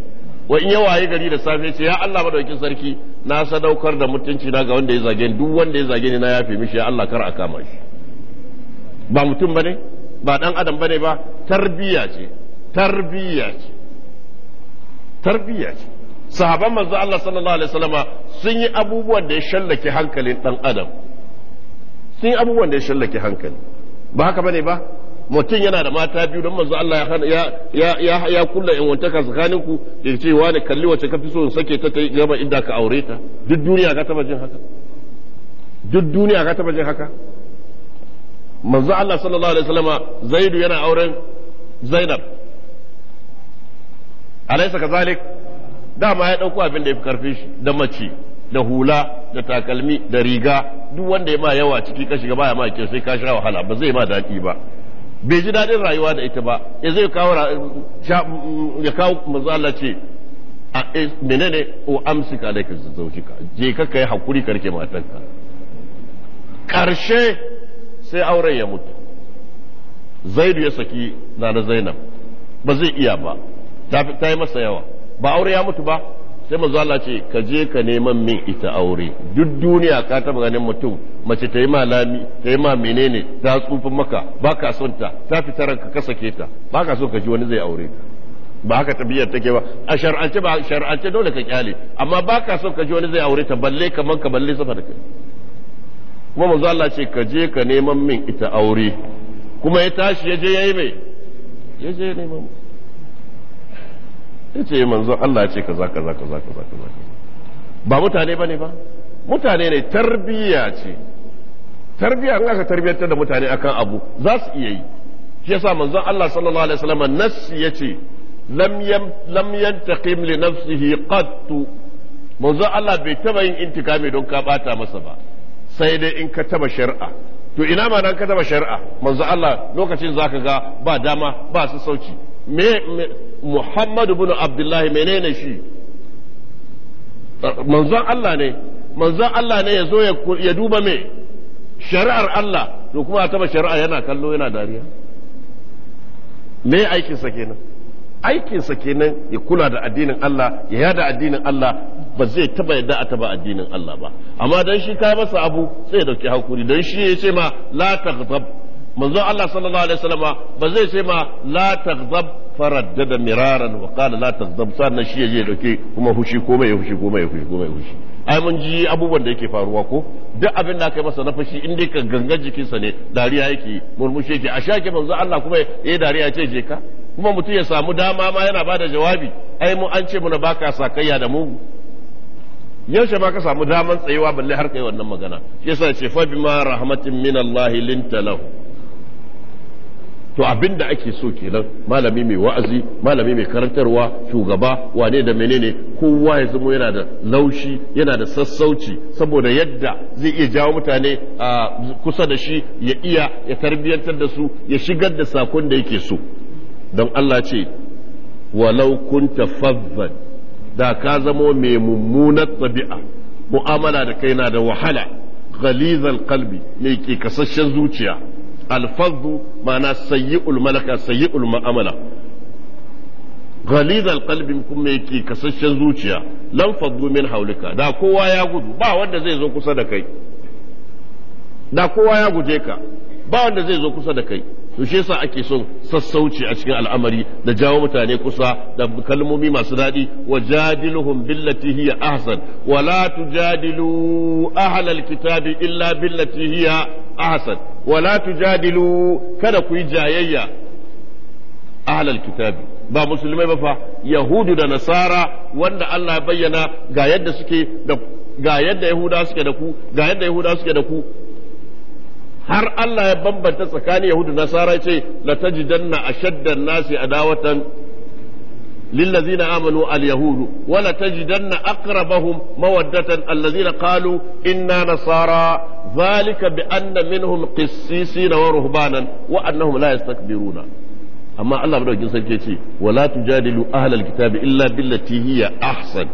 wa in waye gari da safe ce ya Allah madaukin sarki na sadaukar da mutunci na ga wanda ya zage duk wanda ya zage ni na yafe mishi ya Allah kar a kama shi ba mutum bane ba dan adam bane ba tarbiya ce tarbiya ce tarbiya ce sahaban manzo Allah sallallahu alaihi wasallama sun yi abubuwan da ya shallake hankalin dan adam sun yi abubuwan da ya shallake hankali ba haka bane ba mutum yana da mata biyu don manzo Allah ya ya ya ya kulla in wantaka tsakanin ku da ce wani kalli wace kafi so in sake ta ta gaba inda ka aure ta duk duniya ka taba jin haka duk duniya ga taba jin haka manzo Allah sallallahu alaihi wasallama Zaidu yana auren Zainab alaysa kazalik dama ya ɗauko abin da ya fi karfe shi da mace da hula da takalmi da riga duk wanda ya ma yawa ciki ka shiga baya ma kyau sai ka sha wahala ba zai ma daɗi ba bai ji daɗin rayuwa da ita ba ya zai kawo ya kawo manzo ce a eh, menene o amsika da ka zaujika je ka kai hakuri karke matanka karshe sai auren ya mutu zaidu ya saki na zainab ba zai iya ba ta yi masa yawa ba aure ya mutu ba sai manzo Allah ce ka je ka neman min ita aure duk duniya ka taba ganin mutum mace ta yi ma lami ta yi ma menene ta tsufin maka ba ka son ta ta fita ranka ka sake ta ba ka so ka ji wani zai aure ta ba haka tabiyar take ba a shar'ance ba shar'ance dole ka kyale amma ba ka son ka ji wani zai aure ta balle kaman ka balle safa da kai kuma manzo Allah ce ka je ka neman min ita aure kuma ya tashi ya je yayi mai ya je neman ya ce manzo Allah ya ce kaza kaza kaza kaza kaza ba mutane bane ba mutane ne tarbiyya ce tarbiyya in aka tarbiyyantar da mutane akan abu za su iya yi shi yasa manzo Allah sallallahu alaihi wasallam nassi yace lam yam lam yantaqim li nafsihi qat manzo Allah bai taba yin intikami don ka bata masa ba sai dai in ka taba shari'a to ina ma nan ka taba shari'a manzo Allah lokacin zaka ga ba dama ba su sauci muhammadu bin abdullahi menene shi manzon Allah ne manzon Allah ne ya zo ya duba me shari'ar Allah to kuma a taba shari'a yana kallo yana dariya me aikinsa kenan aikinsa kenan ya kula da addinin Allah ya yada addinin Allah ba zai taba yadda a taba addinin Allah ba amma dan shi kai masa abu sai ya dauki hakuri dan shi ya ce ma la taghdab manzon Allah sallallahu alaihi wasallam ba zai ce ma la taghzab faraddada miraran wa qala la taghzab sannan shi yaje dauke kuma fushi ko mai fushi ko mai fushi ko mai fushi ai mun ji abubuwan da yake faruwa ko duk abin da aka masa na fushi in dai ka ganga jikinsa ne dariya yake murmushi yake a shake manzo Allah kuma eh dariya ce je ka kuma mutum ya samu dama ma yana da jawabi ai mu an ce muna baka sakayya da mu yaushe ba ka samu daman tsayuwa balle har kai wannan magana shi yasa ce fa bima rahmatin min Allah linta to abin da ake so kenan malami mai wa'azi malami mai karantarwa shugaba wane da menene kowa ya zama yana da laushi yana da sassauci saboda yadda zai iya jawo mutane a kusa da shi ya iya ya tarbiyyantar da su ya shigar da sakon da yake so don Allah ce walau kunta fazzan da ka zamo mai mummunar tabi'a mu'amala da kai na da wahala ghalizal qalbi mai kasashen zuciya alfazu ma'ana sayyi'ul malaka sayyi'ul ma'amala ghaliz alqalbi kuma yake kasashen zuciya lan faddu min haulika da kowa ya gudu ba wanda zai zo kusa da kai da kowa ya guje ka ba wanda zai zo kusa da kai to shi yasa ake son sassauci a cikin al'amari da jawo mutane kusa da kalmomi masu daɗi wa jadiluhum billati hiya ahsan wa tujadilu ahlal kitabi illa billati hiya ahsan wala tujadilu kada ku yi jayayya ahlal kitabi ba musulmai ba fa yahudu da nasara wanda Allah ya bayyana ga yadda suke da ga yadda yahuda suke da ku ga yadda yahuda suke da ku har Allah ya bambanta tsakanin yahudu da nasara ya ce tajidanna ashaddan nasi adawatan للذين آمنوا اليهود ولتجدن أقربهم مودة الذين قالوا إنا نصارى ذلك بأن منهم قسيسين ورهبانا وأنهم لا يستكبرون أما الله بدأ جنسا كيتي ولا تجادلوا أهل الكتاب إلا بالتي هي أحسن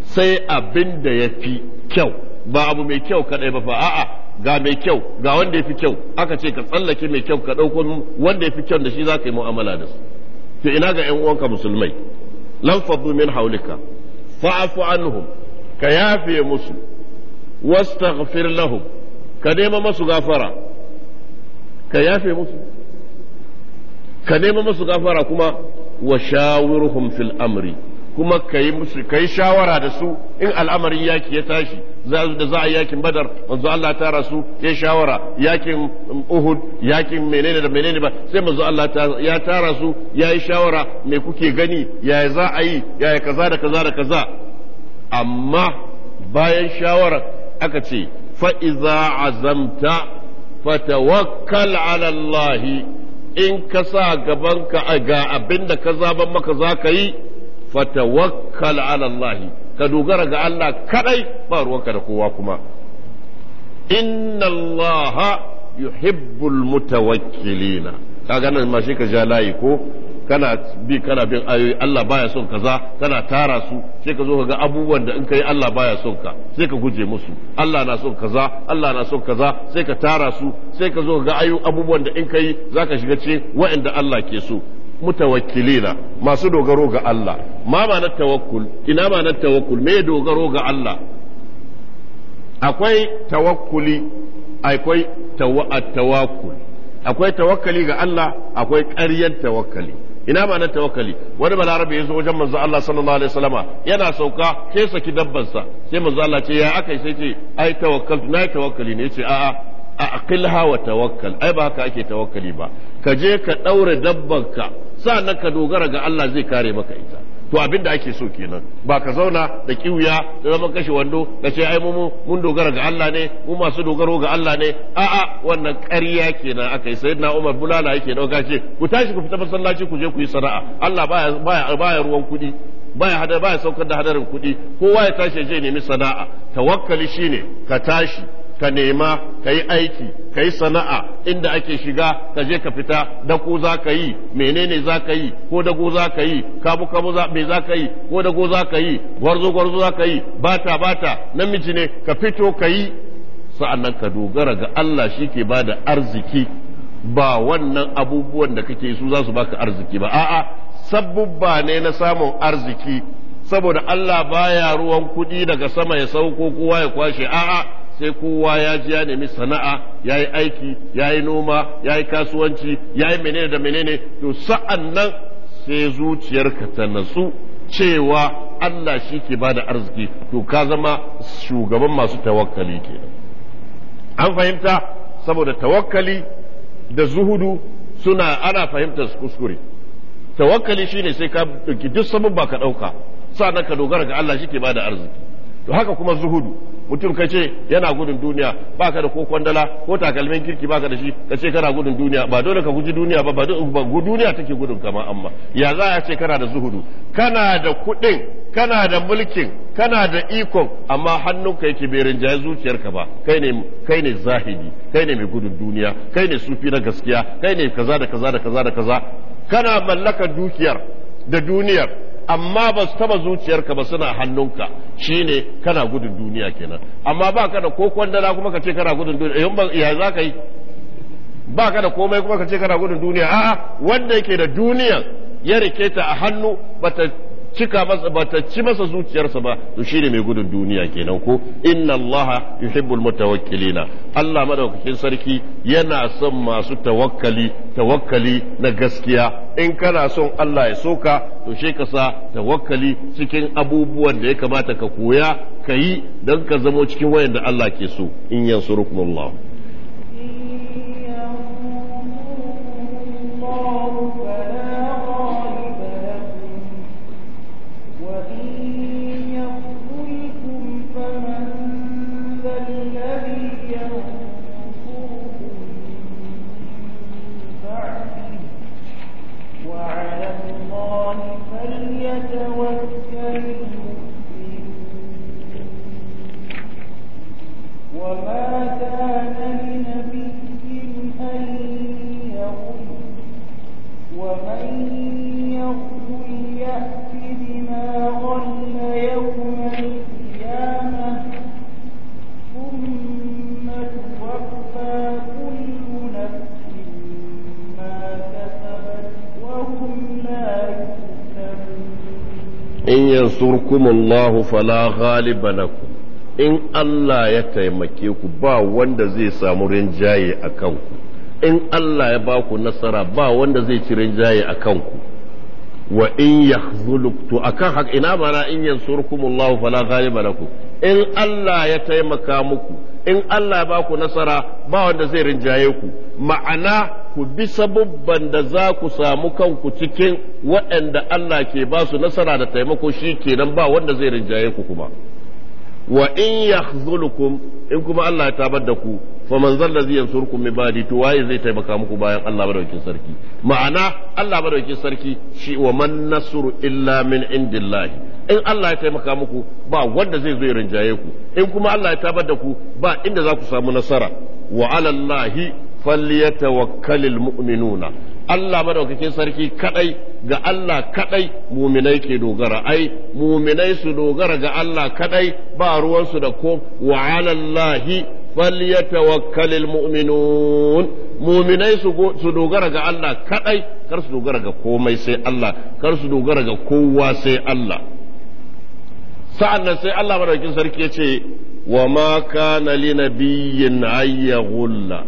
سيء بند يفي كو باب مي كو كان يبفا آآ ga mai kyau ga wanda ya fi kyau aka ce ka tsallake mai kyau ka ɗauko wanda ya fi kyau da shi za ka yi mu'amala da su to ina ga 'yan uwanka musulmai lanfaddu min haulika fa'afu anhum ka yafe musu wastaghfir lahum ka nema masu gafara ka yafe musu ka nema masu gafara kuma wa shawirhum fil amri kuma ka yi musu kai shawara da su in al'amarin yaki ya tashi da za a yakin badar manzo Allah tara su ya shawara yakin uhud yakin menene da menene ba sai manzo Allah ya tara su ya yi shawara me kuke gani yaya za a yi yi kaza da kaza da kaza amma bayan shawara aka ce fa'iza iza azamta fatawakkal ala Allah in ka sa gabanka ga abinda ka zaban maka za ka yi fatawakkal ala Allah ka dogara ga Allah kadai ba ruwanka da kowa kuma inna Allah yuhibbul mutawakkilina kaga nan ma shi ka ja layi ko kana bi kana bin ayoyi Allah baya son kaza kana tara su sai ka zo ka ga abubuwan da in kai Allah baya son ka sai ka guje musu Allah na son kaza Allah na son kaza sai ka tara su sai ka zo ka ga ayu abubuwan da in kai zaka shiga ce wa'anda Allah ke so mutawakkilina masu dogaro ga Allah ma ba na tawakkul ina ma na tawakkul me dogaro ga Allah akwai tawakkuli akwai tawakkul akwai tawakkali ga Allah akwai ƙaryar tawakkali ina ma na tawakkali wani balarabe ya zo wajen manzo Allah sallallahu alaihi wasallama yana sauka sai saki dabbansa sai manzo Allah ce ya akai sai ce ai tawakkal na tawakkali ne yace a'a aqilha wa tawakkal ai ba haka ake tawakkali ba ka je ka daure dabbanka sa'annan ka dogara ga Allah zai kare maka ita to abinda ake so kenan ba ka zauna da kiwuya da zaman kashe wando ka ce ai mu mun dogara ga Allah ne mu masu dogaro ga Allah ne a'a wannan ƙarya kenan aka yi sayyidina Umar bulala yake dauka ce ku tashi ku fita masallaci ku je ku yi sana'a Allah baya baya baya ruwan kuɗi baya hada baya saukar da hadarin kuɗi kowa ya tashi ya je nemi sana'a tawakkali shine ka tashi ka nema ka yi aiki ka yi sana'a inda ake shiga ka je ka fita dako za ka yi menene za ka yi ko dago za ka yi kabu kabu me za ka yi ko dago za ka yi gwarzo gwarzo za ka yi bata bata namiji ne ka fito ka yi sa'annan ka dogara ga Allah shi ke ba da arziki ba wannan abubuwan da kake su za su baka arziki ba a'a sabubba ne na samun arziki saboda Allah baya ruwan kuɗi daga sama ya sauko kowa ya kwashe a'a sai kowa ya ji ya nemi sana'a ya yi aiki ya yi noma ya yi kasuwanci ya yi menene da menene to sa'an nan sai zuciyarka ta natsu cewa Allah shi ke ba da arziki to ka zama shugaban masu tawakkali ke an fahimta saboda tawakkali da zuhudu suna ana fahimtar kuskure tawakkali shine sai ka duk sabon ba ka ɗauka sa'an ka dogara ga Allah shi ke ba da arziki to haka kuma zuhudu mutum ka ce yana gudun duniya baka da ko kwandala ko takalmin kirki baka da shi ka ce kana gudun duniya ba dole ka guji duniya ba ba duniya take gudun kama amma ya za a ce kana da zuhudu kana da kuɗin kana da mulkin kana da ikon amma hannunka yake bai rinjaye zuciyarka ba kai ne kai ne zahidi kai ne mai gudun duniya kai ne sufi na gaskiya kai ne kaza da kaza da kaza da kaza kana mallakar dukiyar da duniyar amma ba su taba zuciyarka ba suna hannunka shine kana gudun duniya kenan amma ba ka da ko kwandala kuma ka ce kana gudun duniya in ba ya za ka yi ba ka da komai kuma ka ce kana gudun duniya a'a wanda yake da duniya ya rike ta a hannu ta. cika masa ba ta ci masa zuciyarsa ba to shine mai gudun duniya kenan ko inna Allah yuhibbul mutawakkilina Allah madaukakin sarki yana son masu tawakkali tawakkali na gaskiya in kana son Allah ya soka to she ka sa tawakkali cikin abubuwan da ya kamata ka koya ka yi don ka zamo cikin wayanda Allah ke so in yansurukumullahu in yansurkumullahu fala ghaliba lakum in Allah ya taimake ku ba wanda zai samu rinjaye a kanku in Allah ya ba ku nasara ba wanda zai ci rinjaye a kanku wa in yahzuluk to akan haka ina mana in yansurkumullahu fala ghaliba lakum in Allah ya taimaka muku in Allah ya baku nasara ba wanda zai rinjaye ku ma'ana ku bi sabubban da za ku samu kanku cikin waɗanda Allah ke ba su nasara da taimako shi kenan ba wanda zai rinjaye ku kuma wa in yakhzulukum in kuma Allah ya tabar da ku fa man zal ladzi yansurukum min ba'di to waye zai taimaka muku bayan Allah madaukin sarki ma'ana Allah madaukin sarki shi wa man nasru illa min indillahi in Allah ya taimaka muku ba wanda zai zo ya rinjaye ku in kuma Allah ya tabar da ku ba inda za ku samu nasara wa alallahi falyatawakkalul mu'minuna Allah madaukakin sarki kadai ga Allah kadai muminai ke dogara ai muminai su dogara ga Allah kadai ba ruwansu da ko wa alallahi falyatawakkalul mu'minun muminai su dogara ga Allah kadai kar su dogara ga komai sai Allah kar su dogara ga kowa sai Allah sa'an nan sai Allah madaukakin sarki ya ce wa ma kana linabiyyin ayyahulla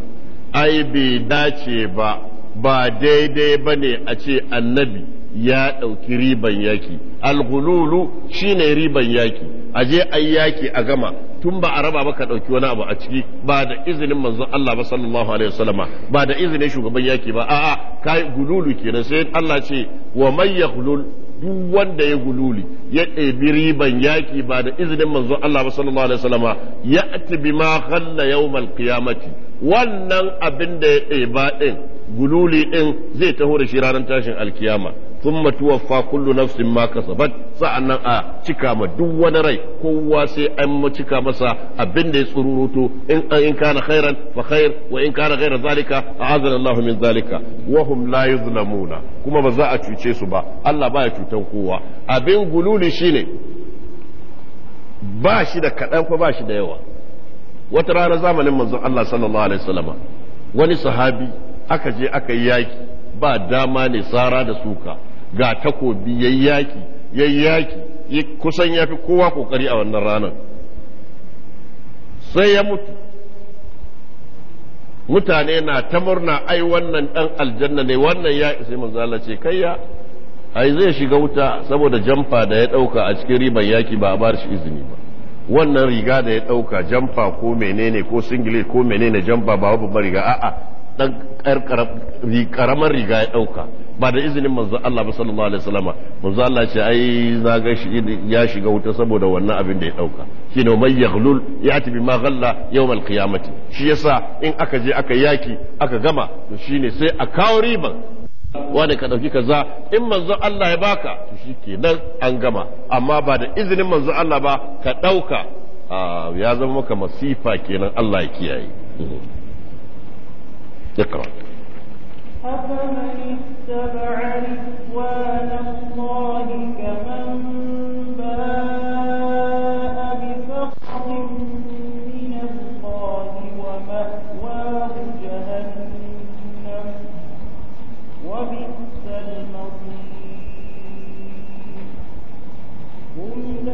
ai bai dace ba ba daidai ba ne a ce annabi ya ɗauki riban yaki alhululu shine riban yaki a je ai yaki a gama tun ba a raba ba ka ɗauki wani abu a ciki ba da izinin manzon Allah ba sallallahu alaihi wasallama ba da izinin shugaban yaki ba a'a kai ke kenan sai Allah ce wa may yahlul duk wanda ya gululi ya ɗebi riban yaki ba da izinin manzon Allah ba sallallahu alaihi wasallama ya bima khalla yawmal qiyamati wannan abin da ya ɗeba ɗin gululi ɗin zai taho da shi ranar tashin alkiyama sun tuwaffa kullu nafsin ma kasabat sa'annan a cika ma duk wani rai kowa sai an cika masa abin da ya tsururuto in in kana khairan fa khair wa in kana ghaira zalika a'azana Allahu min zalika wa hum la yuzlamuna kuma ba za a cuce su ba Allah baya cutan kowa abin gululi shine ba shi da kaɗan fa ba shi da yawa wata rana zamanin manzon Allah sallallahu alaihi wasallama wani sahabi aka je aka yi yaki ba dama ne tsara da suka ga takobi yayi yaki yayi yaki kusan yafi kowa kokari a wannan ranar sai ya mutu mutane na ta murna ai wannan dan aljanna ne wannan ya sai manzo Allah ce kayya ai zai shiga wuta saboda jamfa da ya dauka a cikin riban yaki ba a bar shi izini ba wannan riga da ya ɗauka jamfa ko menene ko singilet ko menene jamfa ba babban riga a'a dan karamar riga ya ɗauka ba da izinin manzo Allah ba sallallahu alaihi wasallama manzo Allah ce ai na ga shi ya shiga wuta saboda wannan abin da ya ɗauka shine ya yaghlul yati bima ghalla yawm alqiyamati shi yasa in aka je aka yaki aka gama to shine sai a kawo riban wani ka ɗauki kaza in manzo Allah ya baka to shi kenan an gama amma ba da izinin manzo Allah ba ka ɗauka ah, ya zama maka masifa kenan Allah ya kiyaye أفمن اتبع رضوان الله كمن باء بسخط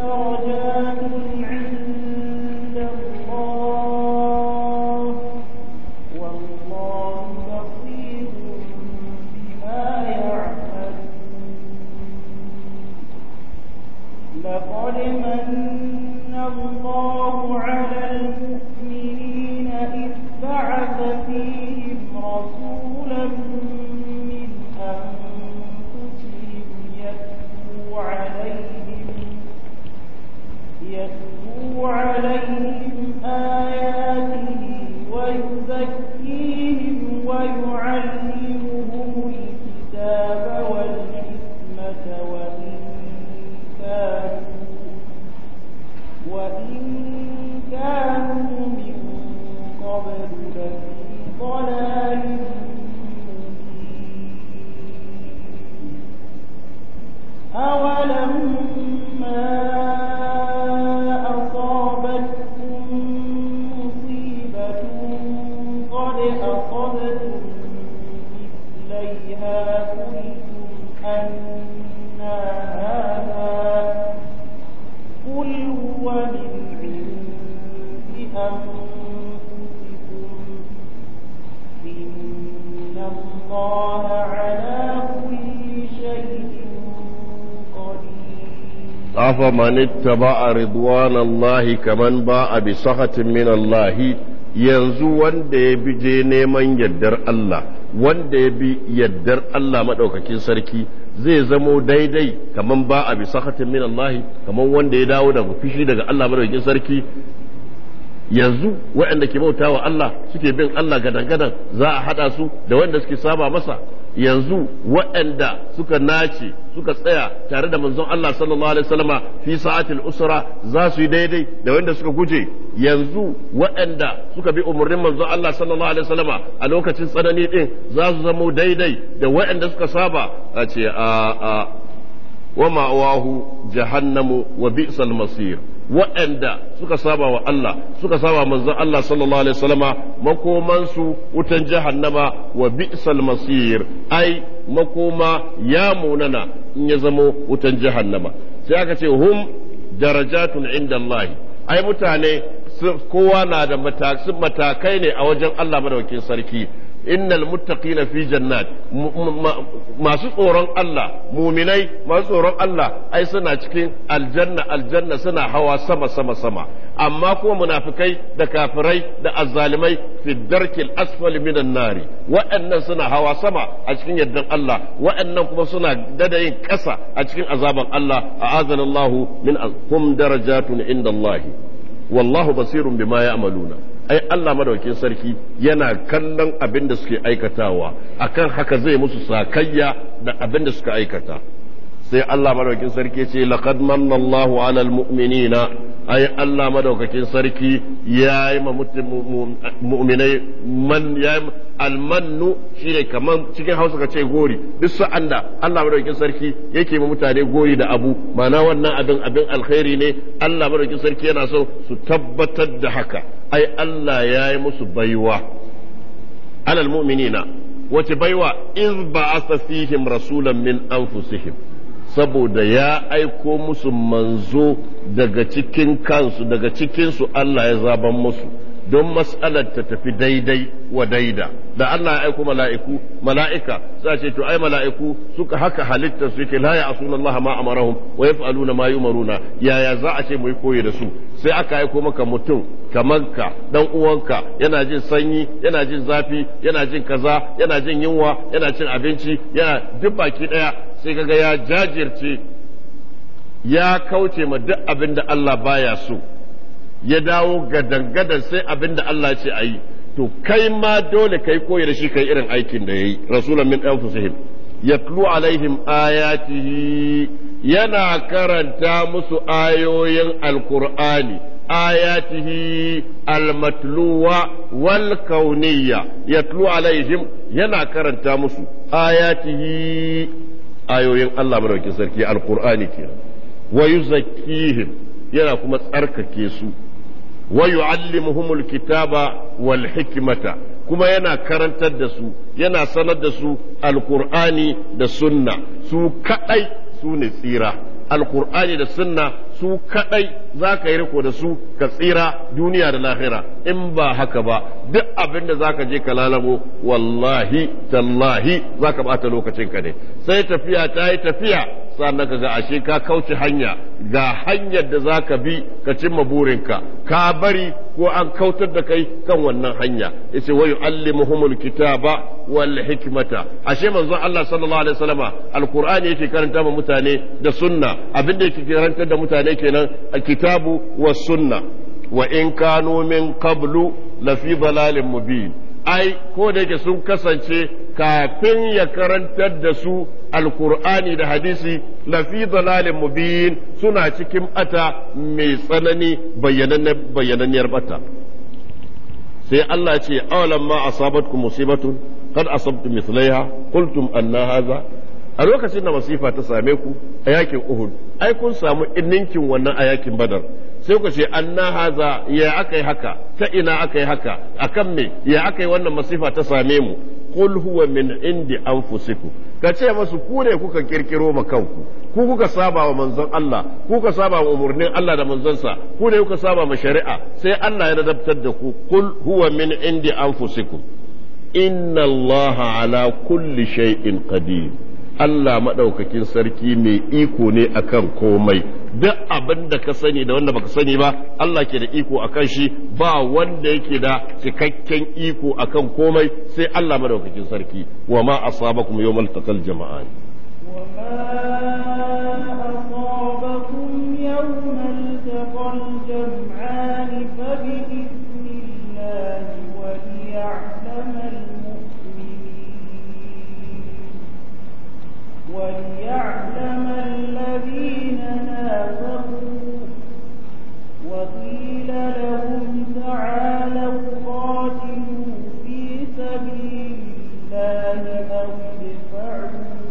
درجات ومن اتبع رضوان الله كمن باء بسخط من الله yanzu wanda ya bi je neman yaddar Allah wanda ya bi yaddar Allah maɗaukakin sarki zai zamo daidai kaman ba a bisa hatin min Allah kaman wanda ya dawo daga fushi daga Allah maɗaukakin sarki yanzu waɗanda ke bauta wa Allah suke bin Allah gadan-gadan za a haɗa su da wanda suke saba masa yanzu waɗanda suka nace suka tsaya tare da manzon Allah sallallahu alaihi wasallama fi sa'atil usra za su yi daidai da wanda suka guje yanzu waɗanda suka bi umarnin manzon Allah sallallahu alaihi wasallama a lokacin tsanani din za su zama daidai da waɗanda suka saba a ce a a wa ma'awahu jahannamu wa bi'sal masir waɗanda suka saba wa Allah suka saba manzon Allah sallallahu alaihi wasallama makomansu wutan jahannama wa bi'sal masir ai makoma ya munana in ya zamo wutan jahannama sai aka ce hum darajatun inda Allah ai mutane kowa na da matakai ne a wajen Allah madaukakin sarki innal muttaqina fi jannat masu tsoron Allah muminai masu tsoron Allah ai suna cikin aljanna aljanna suna hawa sama sama sama amma kuma munafikai da kafirai da azzalimai fi darkil asfali minan nari waɗannan suna hawa sama a cikin yardan Allah waɗannan kuma suna dadayin ƙasa a cikin azaban Allah a'azanallahu min hum darajatun inda indallahi. wallahu basirun bima ya'maluna ai Allah madaukin sarki yana kallon abin da suke aikatawa akan haka zai musu sakayya da abin da suka aikata sai Allah madaukin sarki ce laqad manna Allahu 'alal mu'minina ai Allah madaukakin sarki yayi ma mu'minai man yayi almannu shine kaman cikin Hausa ka ce gori duk sa'an da Allah madaukakin sarki yake ma mutane gori da abu ma'ana wannan abin abin alkhairi ne Allah madaukakin sarki yana so su tabbatar da haka ai Allah ya yi musu baiwa alal mu'minina wace baiwa in ba'atha fihim rasulan min anfusihim saboda ya aiko musu manzo daga cikin kansu daga cikinsu Allah ya zaban musu don mas'alar ta tafi daidai wa daida da Allah ya aiko mala'iku mala'ika za ce to ai mala'iku suka haka halitta su yake la ya'suna Allah ma amarahum wa yaf'aluna ma yumaruna yaya za a ce mu koyi da su sai aka aiko maka mutum kamar ka dan uwanka yana jin sanyi yana jin zafi yana jin kaza yana jin yunwa yana cin abinci yana duk baki daya sai kaga ya jajirce ya kauce ma duk abin da Allah baya so ya dawo ga dangada sai abin da Allah ce a yi to kai ma dole kai koyi da shi kai irin aikin da yayi rasulun min anfusihim yatlu alaihim ayatihi yana karanta musu ayoyin alqur'ani ayatihi almatluwa wal kauniyya yatlu alaihim yana karanta musu ayatihi ayoyin Allah madaukin sarki alqur'ani kenan wa yuzakkihim yana kuma tsarkake su wa muhumul kitaba wal hikimata kuma yana karantar da su yana sanar da su alkur'ani da sunna su kaɗai su ne tsira alkur'ani da sunna su kaɗai za ka yi riko da su ka tsira duniya da lahira in ba haka ba duk abin da za ka je ka lalabo wallahi tallahi za ka bata lokacin ka ne sai tafiya ta yi tafiya sannan ka ga ashe ka kauce hanya ga hanyar da za ka bi ka cimma burinka ka bari ko an kautar da kai kan wannan hanya yace wa yu'allimuhumul kitaba wal hikmata ashe manzo Allah sallallahu alaihi wasallama alqur'ani yake karanta ma mutane da sunna abinda yake karantar da mutane kenan alkitabu was sunna wa in kanu min qablu lafi dalalin mubin ai ko da yake sun kasance kafin ya karantar da su alkur'ani da hadisi fi dalalin mubin suna cikin ata mai tsanani bayyananniyar bata sai Allah ce awalan ma asabatkum musibatun kad asabtum mithlaiha qultum anna hadha a lokacin da masifa ta same ku a yakin Uhud ai kun samu ninkin wannan a yakin Badar sai ku ce anna haza ya aka yi haka ta ina aka yi haka akan me ya aka yi wannan masifa ta same mu qul huwa min indi fusiku. ka ce masu ku ne kuka kirkiro ma kanku ku kuka saba wa manzon Allah ku kuka saba wa umurnin Allah da manzonsa ku ne kuka saba ma shari'a sai Allah ya nadabtar da ku qul huwa min indi anfusikum inna Allah ala kulli shay'in qadir Allah madaukakin sarki mai iko ne akan komai duk abin da ka sani da wanda baka sani ba Allah ke da iko akan shi ba wanda yake da cikakken iko akan komai sai Allah madaukakin sarki wa ma asabakum yawmal taqal jama'an wa ma asabakum yawmal taqal jama'an fa وليعلم الذين نافقوا وقيل لهم تعالوا قاتلوا في سبيل الله أو ادفعوا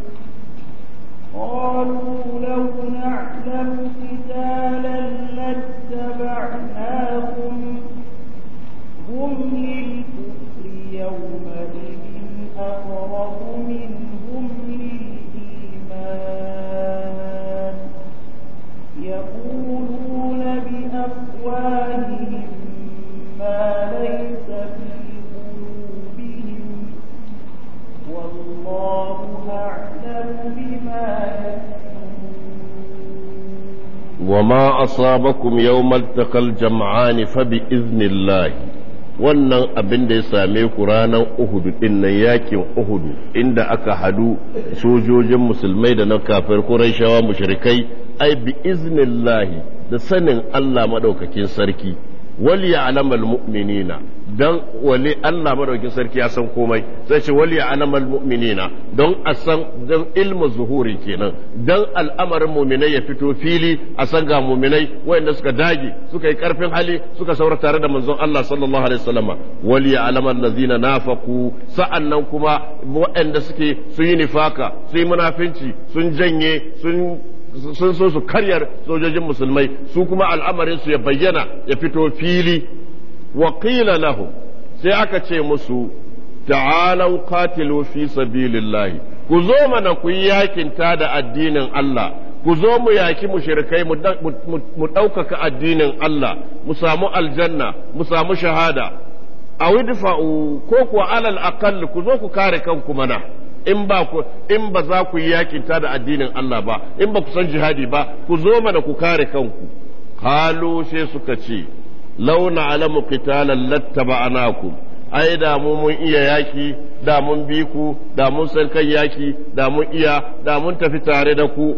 asabakum yawmal taqal jam'ani fa bi iznillah wannan abin da ya same ku ranar Uhud din nan yakin Uhud inda aka hadu sojojin musulmai da na kafir Quraishawa mushrikai ai bi iznillah da sanin Allah madaukakin sarki wali ya'lamal mu'minina dan wali Allah madaukin sarki ya san komai sai ce wali alamal mu'minina don a san dan ilmu zuhuri kenan dan al'amarin mu'minai ya fito fili a san ga mu'minai wayanda suka dage suka yi karfin hali suka saura tare da manzon Allah sallallahu alaihi wasallama wali ya'lamal ladzina nafaqu sa'annan kuma wayanda suke sun yi nifaka sun yi munafinci sun janye sun sun so su karyar sojojin musulmai su kuma al'amarinsu ya bayyana ya fito fili qila lahu sai aka ce musu ta'alau qatilu fi sabilillahi ku zo mana ku yi yakin ta da addinin Allah ku zo mu yaki mushrikai mu ɗaukaka addinin Allah mu samu aljanna mu samu shahada a ko kuwa alal aqall ku zo ku kare kanku mana in ba ku in ba za ku yi yakin ta da addinin Allah ba in ba ku san jihadi ba ku zo da ku kare kanku halu sai suka ce launa alamu qitalan lattaba'anakum ai da mu mun iya yaki da mun bi ku da mun san kan yaki da mun iya da mun tafi tare da ku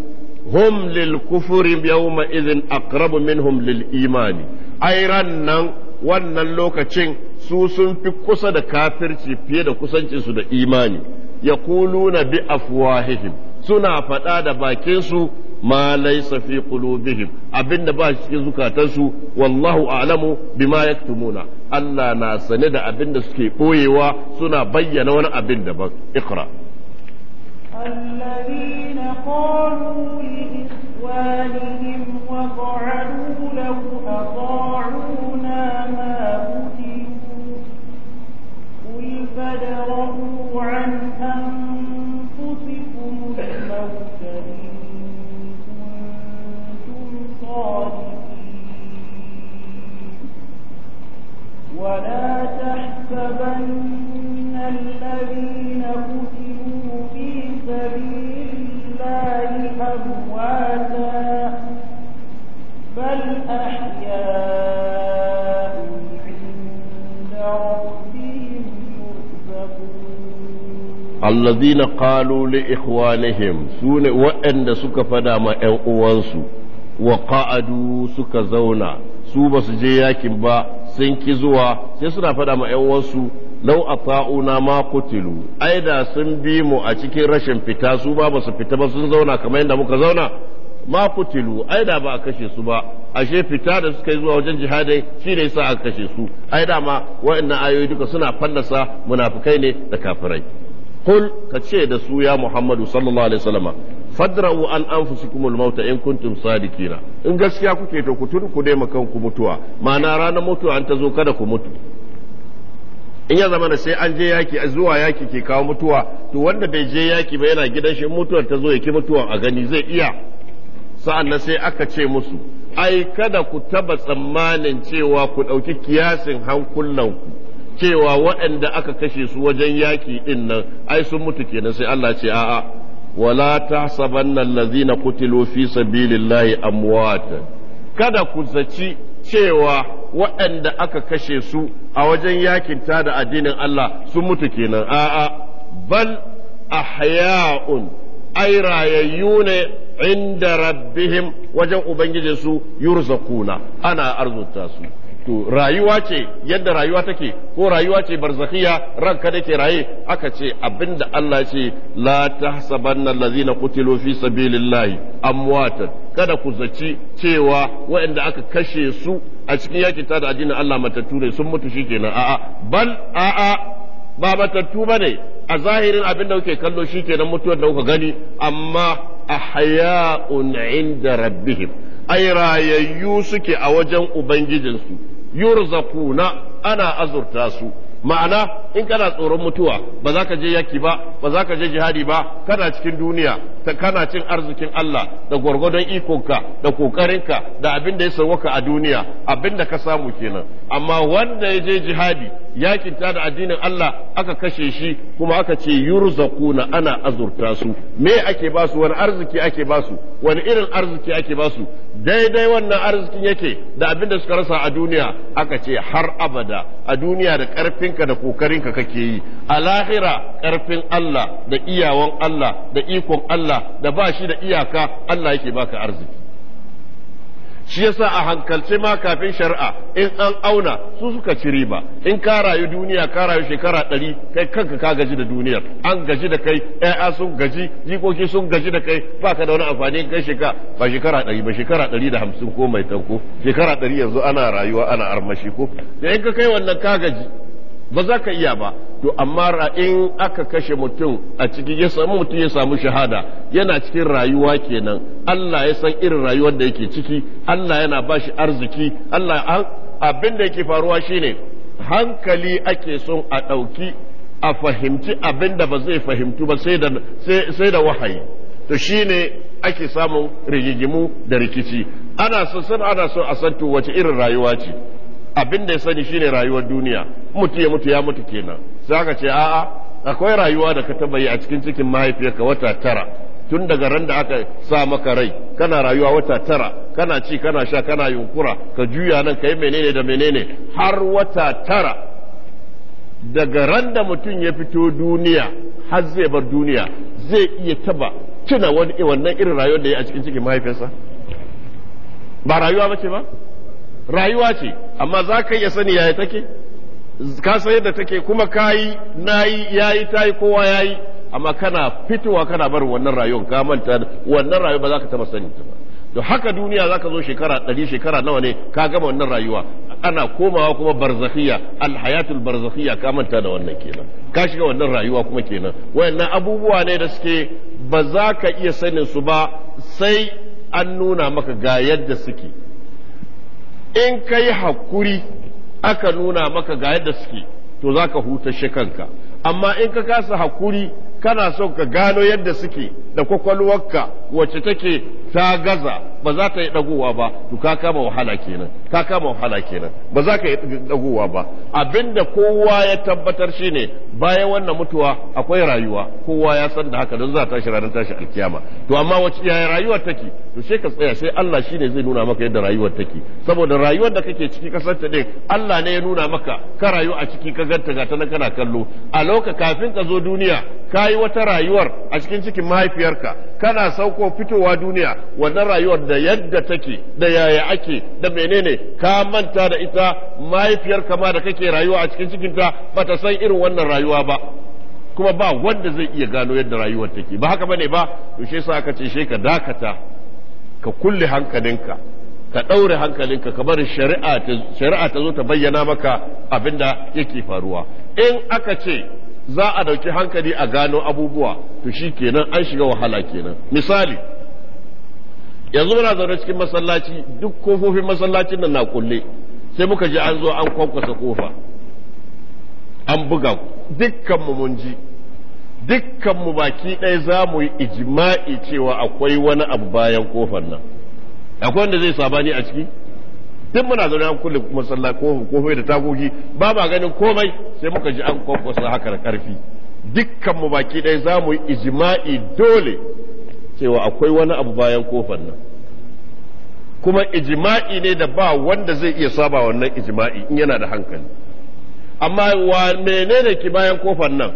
hum lil kufri yawma idhin aqrabu minhum lil imani ai nan wannan lokacin su sun fi kusa da kafirci fiye da kusancinsu da imani yaquluna bi afwahihim suna faɗa da bakinsu ma laysa fi qulubihim abinda ba cikin zukatansu wallahu a'lamu bima yaktumuna Allah na sane da abin da suke boyewa suna bayyana wani abin da ba iqra alladhina qalu لإخوانهم وقعدوا لو أطاعونا ما فادرؤوا عن أنفسكم الموت إن كنتم صادقين ولا تحسبن الذين كتبوا في سبيل الله أمواتا بل أحياء allazina qalu li ikhwanihim sune waɗanda suka fada ma ƴan uwansu wa qa'adu suka zauna su basu je yakin ba sun ki zuwa sai suna fada ma ƴan uwansu law ata'una ma qutilu ai da sun bi mu a cikin rashin fita su ba fita ba sun zauna kamar yadda muka zauna ma qutilu ai da ba a kashe su ba ashe fita da suka yi zuwa wajen jihada shi da yasa aka kashe su ai da ma waɗannan ayoyi duka suna fallasa munafukai ne da kafirai qul ka ce da su ya muhammadu sallallahu alaihi wasallam fadra'u an anfusikum al-maut in kuntum sadiqina in gaskiya kuke to ku tun dai mutuwa ma'ana ranar mutuwa an ta zo kada ku mutu in ya zama sai an je yaki zuwa yaki ke kawo mutuwa to wanda bai je yaki ba yana gidan shi mutuwar ta zo ya ki mutuwa a gani zai iya sa'an nan sai aka ce musu ai kada ku taba tsammanin cewa ku ɗauki kiyasin hankulanku cewa waɗanda aka kashe su wajen yaƙi ɗin nan ai sun mutu kenan sai Allah ce a'a wala tahsabanna allazina qutilu fi sabilillahi amwata kada ku zaci cewa waɗanda aka kashe su a wajen yakin da addinin Allah sun mutu kenan a'a bal ahya'un ai rayayyu ne inda rabbihim wajen ubangijinsu yurzakuna ana arzuta su to rayuwa ce yadda rayuwa take ko rayuwa ce barzakhiya ranka da ke raye aka ce abinda Allah ce la tahsabanna allazina qutilu fi sabilillahi amwata kada ku zaci cewa waɗanda aka kashe su a cikin yaki ta da addinin Allah matattu ne sun mutu shikenan a'a bal a'a ba matattu bane a zahirin abinda kuke kallo shikenan mutuwar da kuka gani amma ahya'un inda rabbihim ai rayayyu suke a wajen ubangijinsu yurzaquna ana azurta su ma'ana in kana tsoron mutuwa ba za ka je yaki ba ba za ka je jihadi ba kana cikin duniya ta kana cin arzikin Allah da gwargwadon ikonka da kokarinka da abin da ya sauwaka a duniya abin da ka samu kenan amma wanda ya je jihadi yakin ta da addinin Allah aka kashe shi kuma aka ce yurzaquna ana azurta su me ake ba su wani arziki ake ba su wani irin arziki ake ba su daidai wannan arzikin yake da abin da suka rasa a duniya aka ce har abada a duniya da karfinka da ka kake yi a lahira karfin Allah da iyawan Allah da ikon Allah da ba shi da iyaka Allah yake baka arziki shi yasa a hankalce ma kafin shari'a in an auna su suka ci riba in ka rayu duniya ka rayu shekara ɗari kai kanka ka gaji da duniyar an gaji da kai ƴaƴa sun gaji jikoki sun gaji da kai ba ka da wani amfani in kai shekara ba shekara ɗari ba shekara ɗari da hamsin ko mai tanko shekara ɗari yanzu ana rayuwa ana armashi ko da in ka kai wannan ka gaji ba za ka iya ba to amma in aka kashe mutum a cikin ya samu mutum ya samu shahada yana cikin rayuwa kenan Allah ya san irin rayuwar da yake ciki Allah yana ba shi arziki Allah abin da yake faruwa shine hankali ake son a ɗauki a fahimci abin da ba zai fahimtu ba sai da wahayi to shine ake samun rigigimu da rikici ana so ana so a san to wace irin rayuwa ce abin da ya sani shine rayuwar duniya mutu ya mutu ya mutu kenan sai aka ce a'a akwai rayuwa da ka taba yi a cikin cikin mahaifiyarka wata tara tun daga ran da aka sa maka rai kana rayuwa wata tara kana ci kana sha kana yunkura ka juya nan ka yi menene da menene har wata tara daga ran da mutum ya fito duniya har zai bar duniya zai iya taba tuna wannan irin rayuwar da ya a cikin cikin mahaifiyarsa ba rayuwa ba ce ba rayuwa ce amma za ka iya sani yaya take ka san yadda take kuma kayi nayi yayi tayi kowa yayi amma kana fitowa kana bar wannan rayuwar ka manta wannan rayuwa ba za ka taba sani ta ba to haka duniya za ka zo shekara ɗari shekara nawa ne ka gama wannan rayuwa ana komawa kuma barzakhiya alhayatul barzakhiya ka manta da wannan kenan ka shiga wannan rayuwa kuma kenan wayannan abubuwa ne da suke ba za ka iya sanin su ba sai an nuna maka ga yadda suke in ka yi haƙuri aka nuna maka ga yadda suke to za ka hutashe kanka amma in ka kasa haƙuri kana son ka gano yadda suke da kwakwalwarka wacce take ta gaza ba za ta yi dagowa ba to ka kama wahala kenan ka kama wahala kenan ba za ka yi dagowa ba abinda kowa ya tabbatar shine bayan wannan mutuwa akwai rayuwa kowa ya san da haka don za ta shi ranar tashi alkiyama to amma wace yaya rayuwar take to sai ka tsaya sai Allah shine zai nuna maka yadda rayuwar take saboda rayuwar da kake ciki kasar ta din Allah ne ya nuna maka ka rayu a ciki ka ganta ga ta nan kana kallo a loka kafin ka zo duniya kayi wata rayuwar a cikin cikin mahaifiyarka kana sauko fitowa duniya wannan rayuwar da yadda take da yaya ake da menene ka manta da ita mahaifiyar kama da kake rayuwa a cikin cikinta ba ta san irin wannan rayuwa ba kuma ba wanda zai iya gano yadda rayuwar take ba haka bane ba to shi yasa aka ce she ka dakata ka kulle hankalinka ka daure hankalinka ka bari shari'a ta shari'a ta zo ta bayyana maka abinda yake faruwa in aka ce za a dauki hankali a gano abubuwa to shi kenan an shiga wahala kenan misali yanzu muna zaune cikin masallaci duk kofofin masallacin nan na kulle sai muka ji an zo an kwankwasa kofa an buga dukkanmu mun ji dukkanmu baki ɗaya za mu yi ijima'i cewa akwai wani abu bayan kofar nan akwai wanda zai sabani a ciki duk muna zaune an kulle masallaci da tagogi ba ba ganin komai sai muka ji an kwankwasa haka da ƙarfi dukkanmu baki ɗaya za mu yi ijima'i dole cewa akwai wani abu bayan kofar nan kuma ijima'i ne da ba wanda zai iya saba wannan ijma'i in yana da hankali amma wa menene ki bayan kofar nan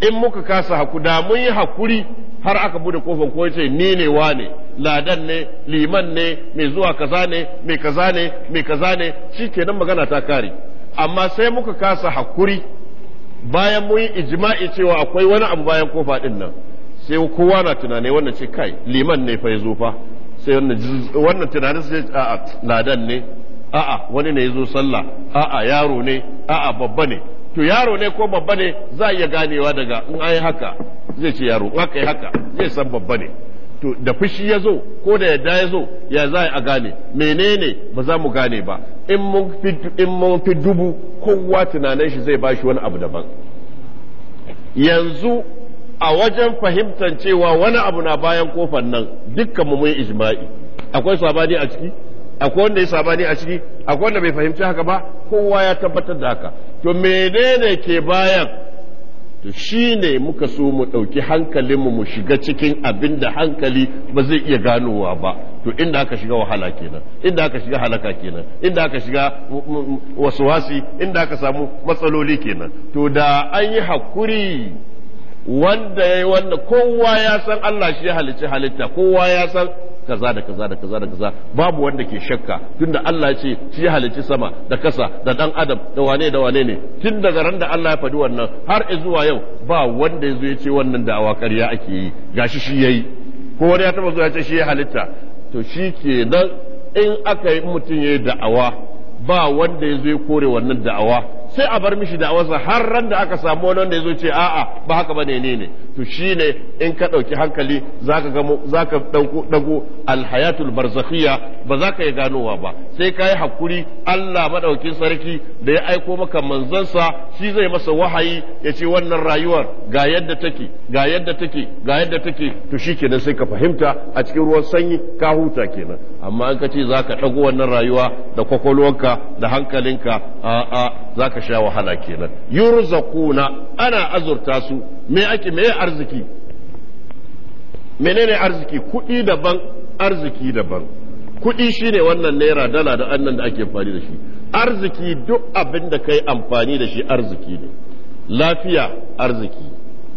in muka kasa haku da mun yi hakuri har aka bude kofar ko yace ni ne wa ne ladan ne liman ne mai zuwa kaza ne mai kaza ne mai kaza ne shikenan magana ta kare amma sai muka kasa hakuri bayan mun yi ijma'i cewa akwai wani abu bayan kofa din nan sai kowa na tunane wannan ce kai liman ne fa ya fa sai wannan tunanin sai a'a ladan ne a'a wani ne ya sallah a'a yaro ne a'a babba ne to yaro ne ko babba ne za ya iya ganewa daga in ai haka zai ce yaro in aka haka zai san babba ne to da fushi ya zo ko da yadda ya zo ya za a gane menene ba za mu gane ba in mun fi dubu kowa tunanin shi zai bashi wani abu daban yanzu a wajen fahimtar cewa wani abu na bayan kofar nan dukkan mu mun ijma'i akwai sabani a ciki akwai wanda ya sabani a ciki akwai wanda bai fahimci haka ba kowa ya tabbatar da haka to menene ke bayan to shine muka so mu ɗauki hankalinmu mu shiga cikin abin da hankali ba zai iya ganowa ba to inda aka shiga wahala kenan inda aka shiga halaka kenan inda aka shiga wasuwasi inda aka samu matsaloli kenan to da an yi hakuri wanda ya yi wannan kowa ya san Allah shi ya halicci halitta kowa ya san kaza da kaza da kaza da kaza babu wanda ke shakka tunda Allah ya ce shi ya halicci sama da kasa da dan adam da wane da wane ne tun daga ran da Allah ya faɗi wannan har zuwa yau ba wanda yazo ya ce wannan da'awa ƙarya ake yi gashi shi yayi ko wani ya taba zuwa ya ce shi ya halitta to shi ke nan in aka yi mutum ya yi da'awa ba wanda ya zo ya kore wannan da'awa sai a bar mishi da wasa har ran da aka samu wani wanda ya zo ce a'a ba haka ba ne ne to shine in ka ɗauki hankali zaka ga zaka dauko dago alhayatul barzakhia ba za ka yi ganowa ba sai ka yi hakuri Allah madaukin sarki da ya aiko maka manzansa shi zai masa wahayi ya ce wannan rayuwar ga yadda take ga yadda take ga yadda take to kenan sai ka fahimta a cikin ruwan sanyi ka huta kenan amma in ka ce zaka dago wannan rayuwa da kwakwalwanka da hankalinka a'a zaka sha wahala kenan yurzaquna ana azurta su me ake me arziki menene arziki kuɗi daban arziki daban kuɗi shine wannan naira dala da annan da ake amfani da shi arziki duk abin da kai amfani da shi arziki ne lafiya arziki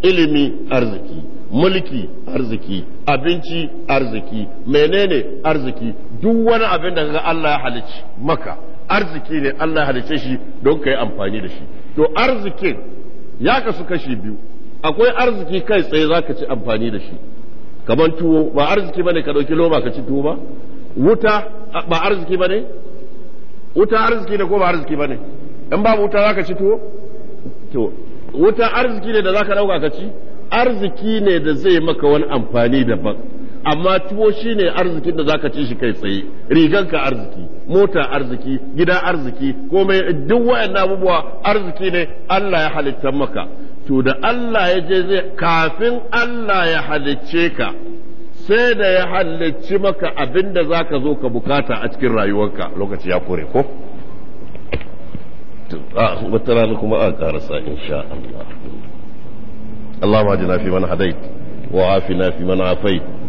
ilimi arziki mulki arziki abinci arziki menene arziki duk wani abin da kaga Allah ya halicci maka arziki ne Allah halice shi don ka yi amfani da shi to arzikin ya kasu kashi biyu akwai arziki kai tsaye za ka ci amfani da shi kamar tuwo ba arziki bane ka ɗauki loma ka ci tuwo ba wuta ba arziki bane wuta arziki ne ko ba arziki bane in babu wuta za ka ci tuwo to wuta arziki ne da za ka ɗauka ka ci arziki ne da zai maka wani amfani daban amma tuwo shine arzikin da zaka ci shi kai tsaye riganka arziki mota arziki gida arziki komai duk wayannan abubuwa arziki ne Allah ya halitta maka to da Allah ya je zai kafin Allah ya halicce ka sai da ya halicci maka abinda zaka zo ka bukata a cikin rayuwarka lokaci ya kore ko? wata rana kuma a karasa insha Allah Allah ma na fi mana hadai, wa na fi mana hafai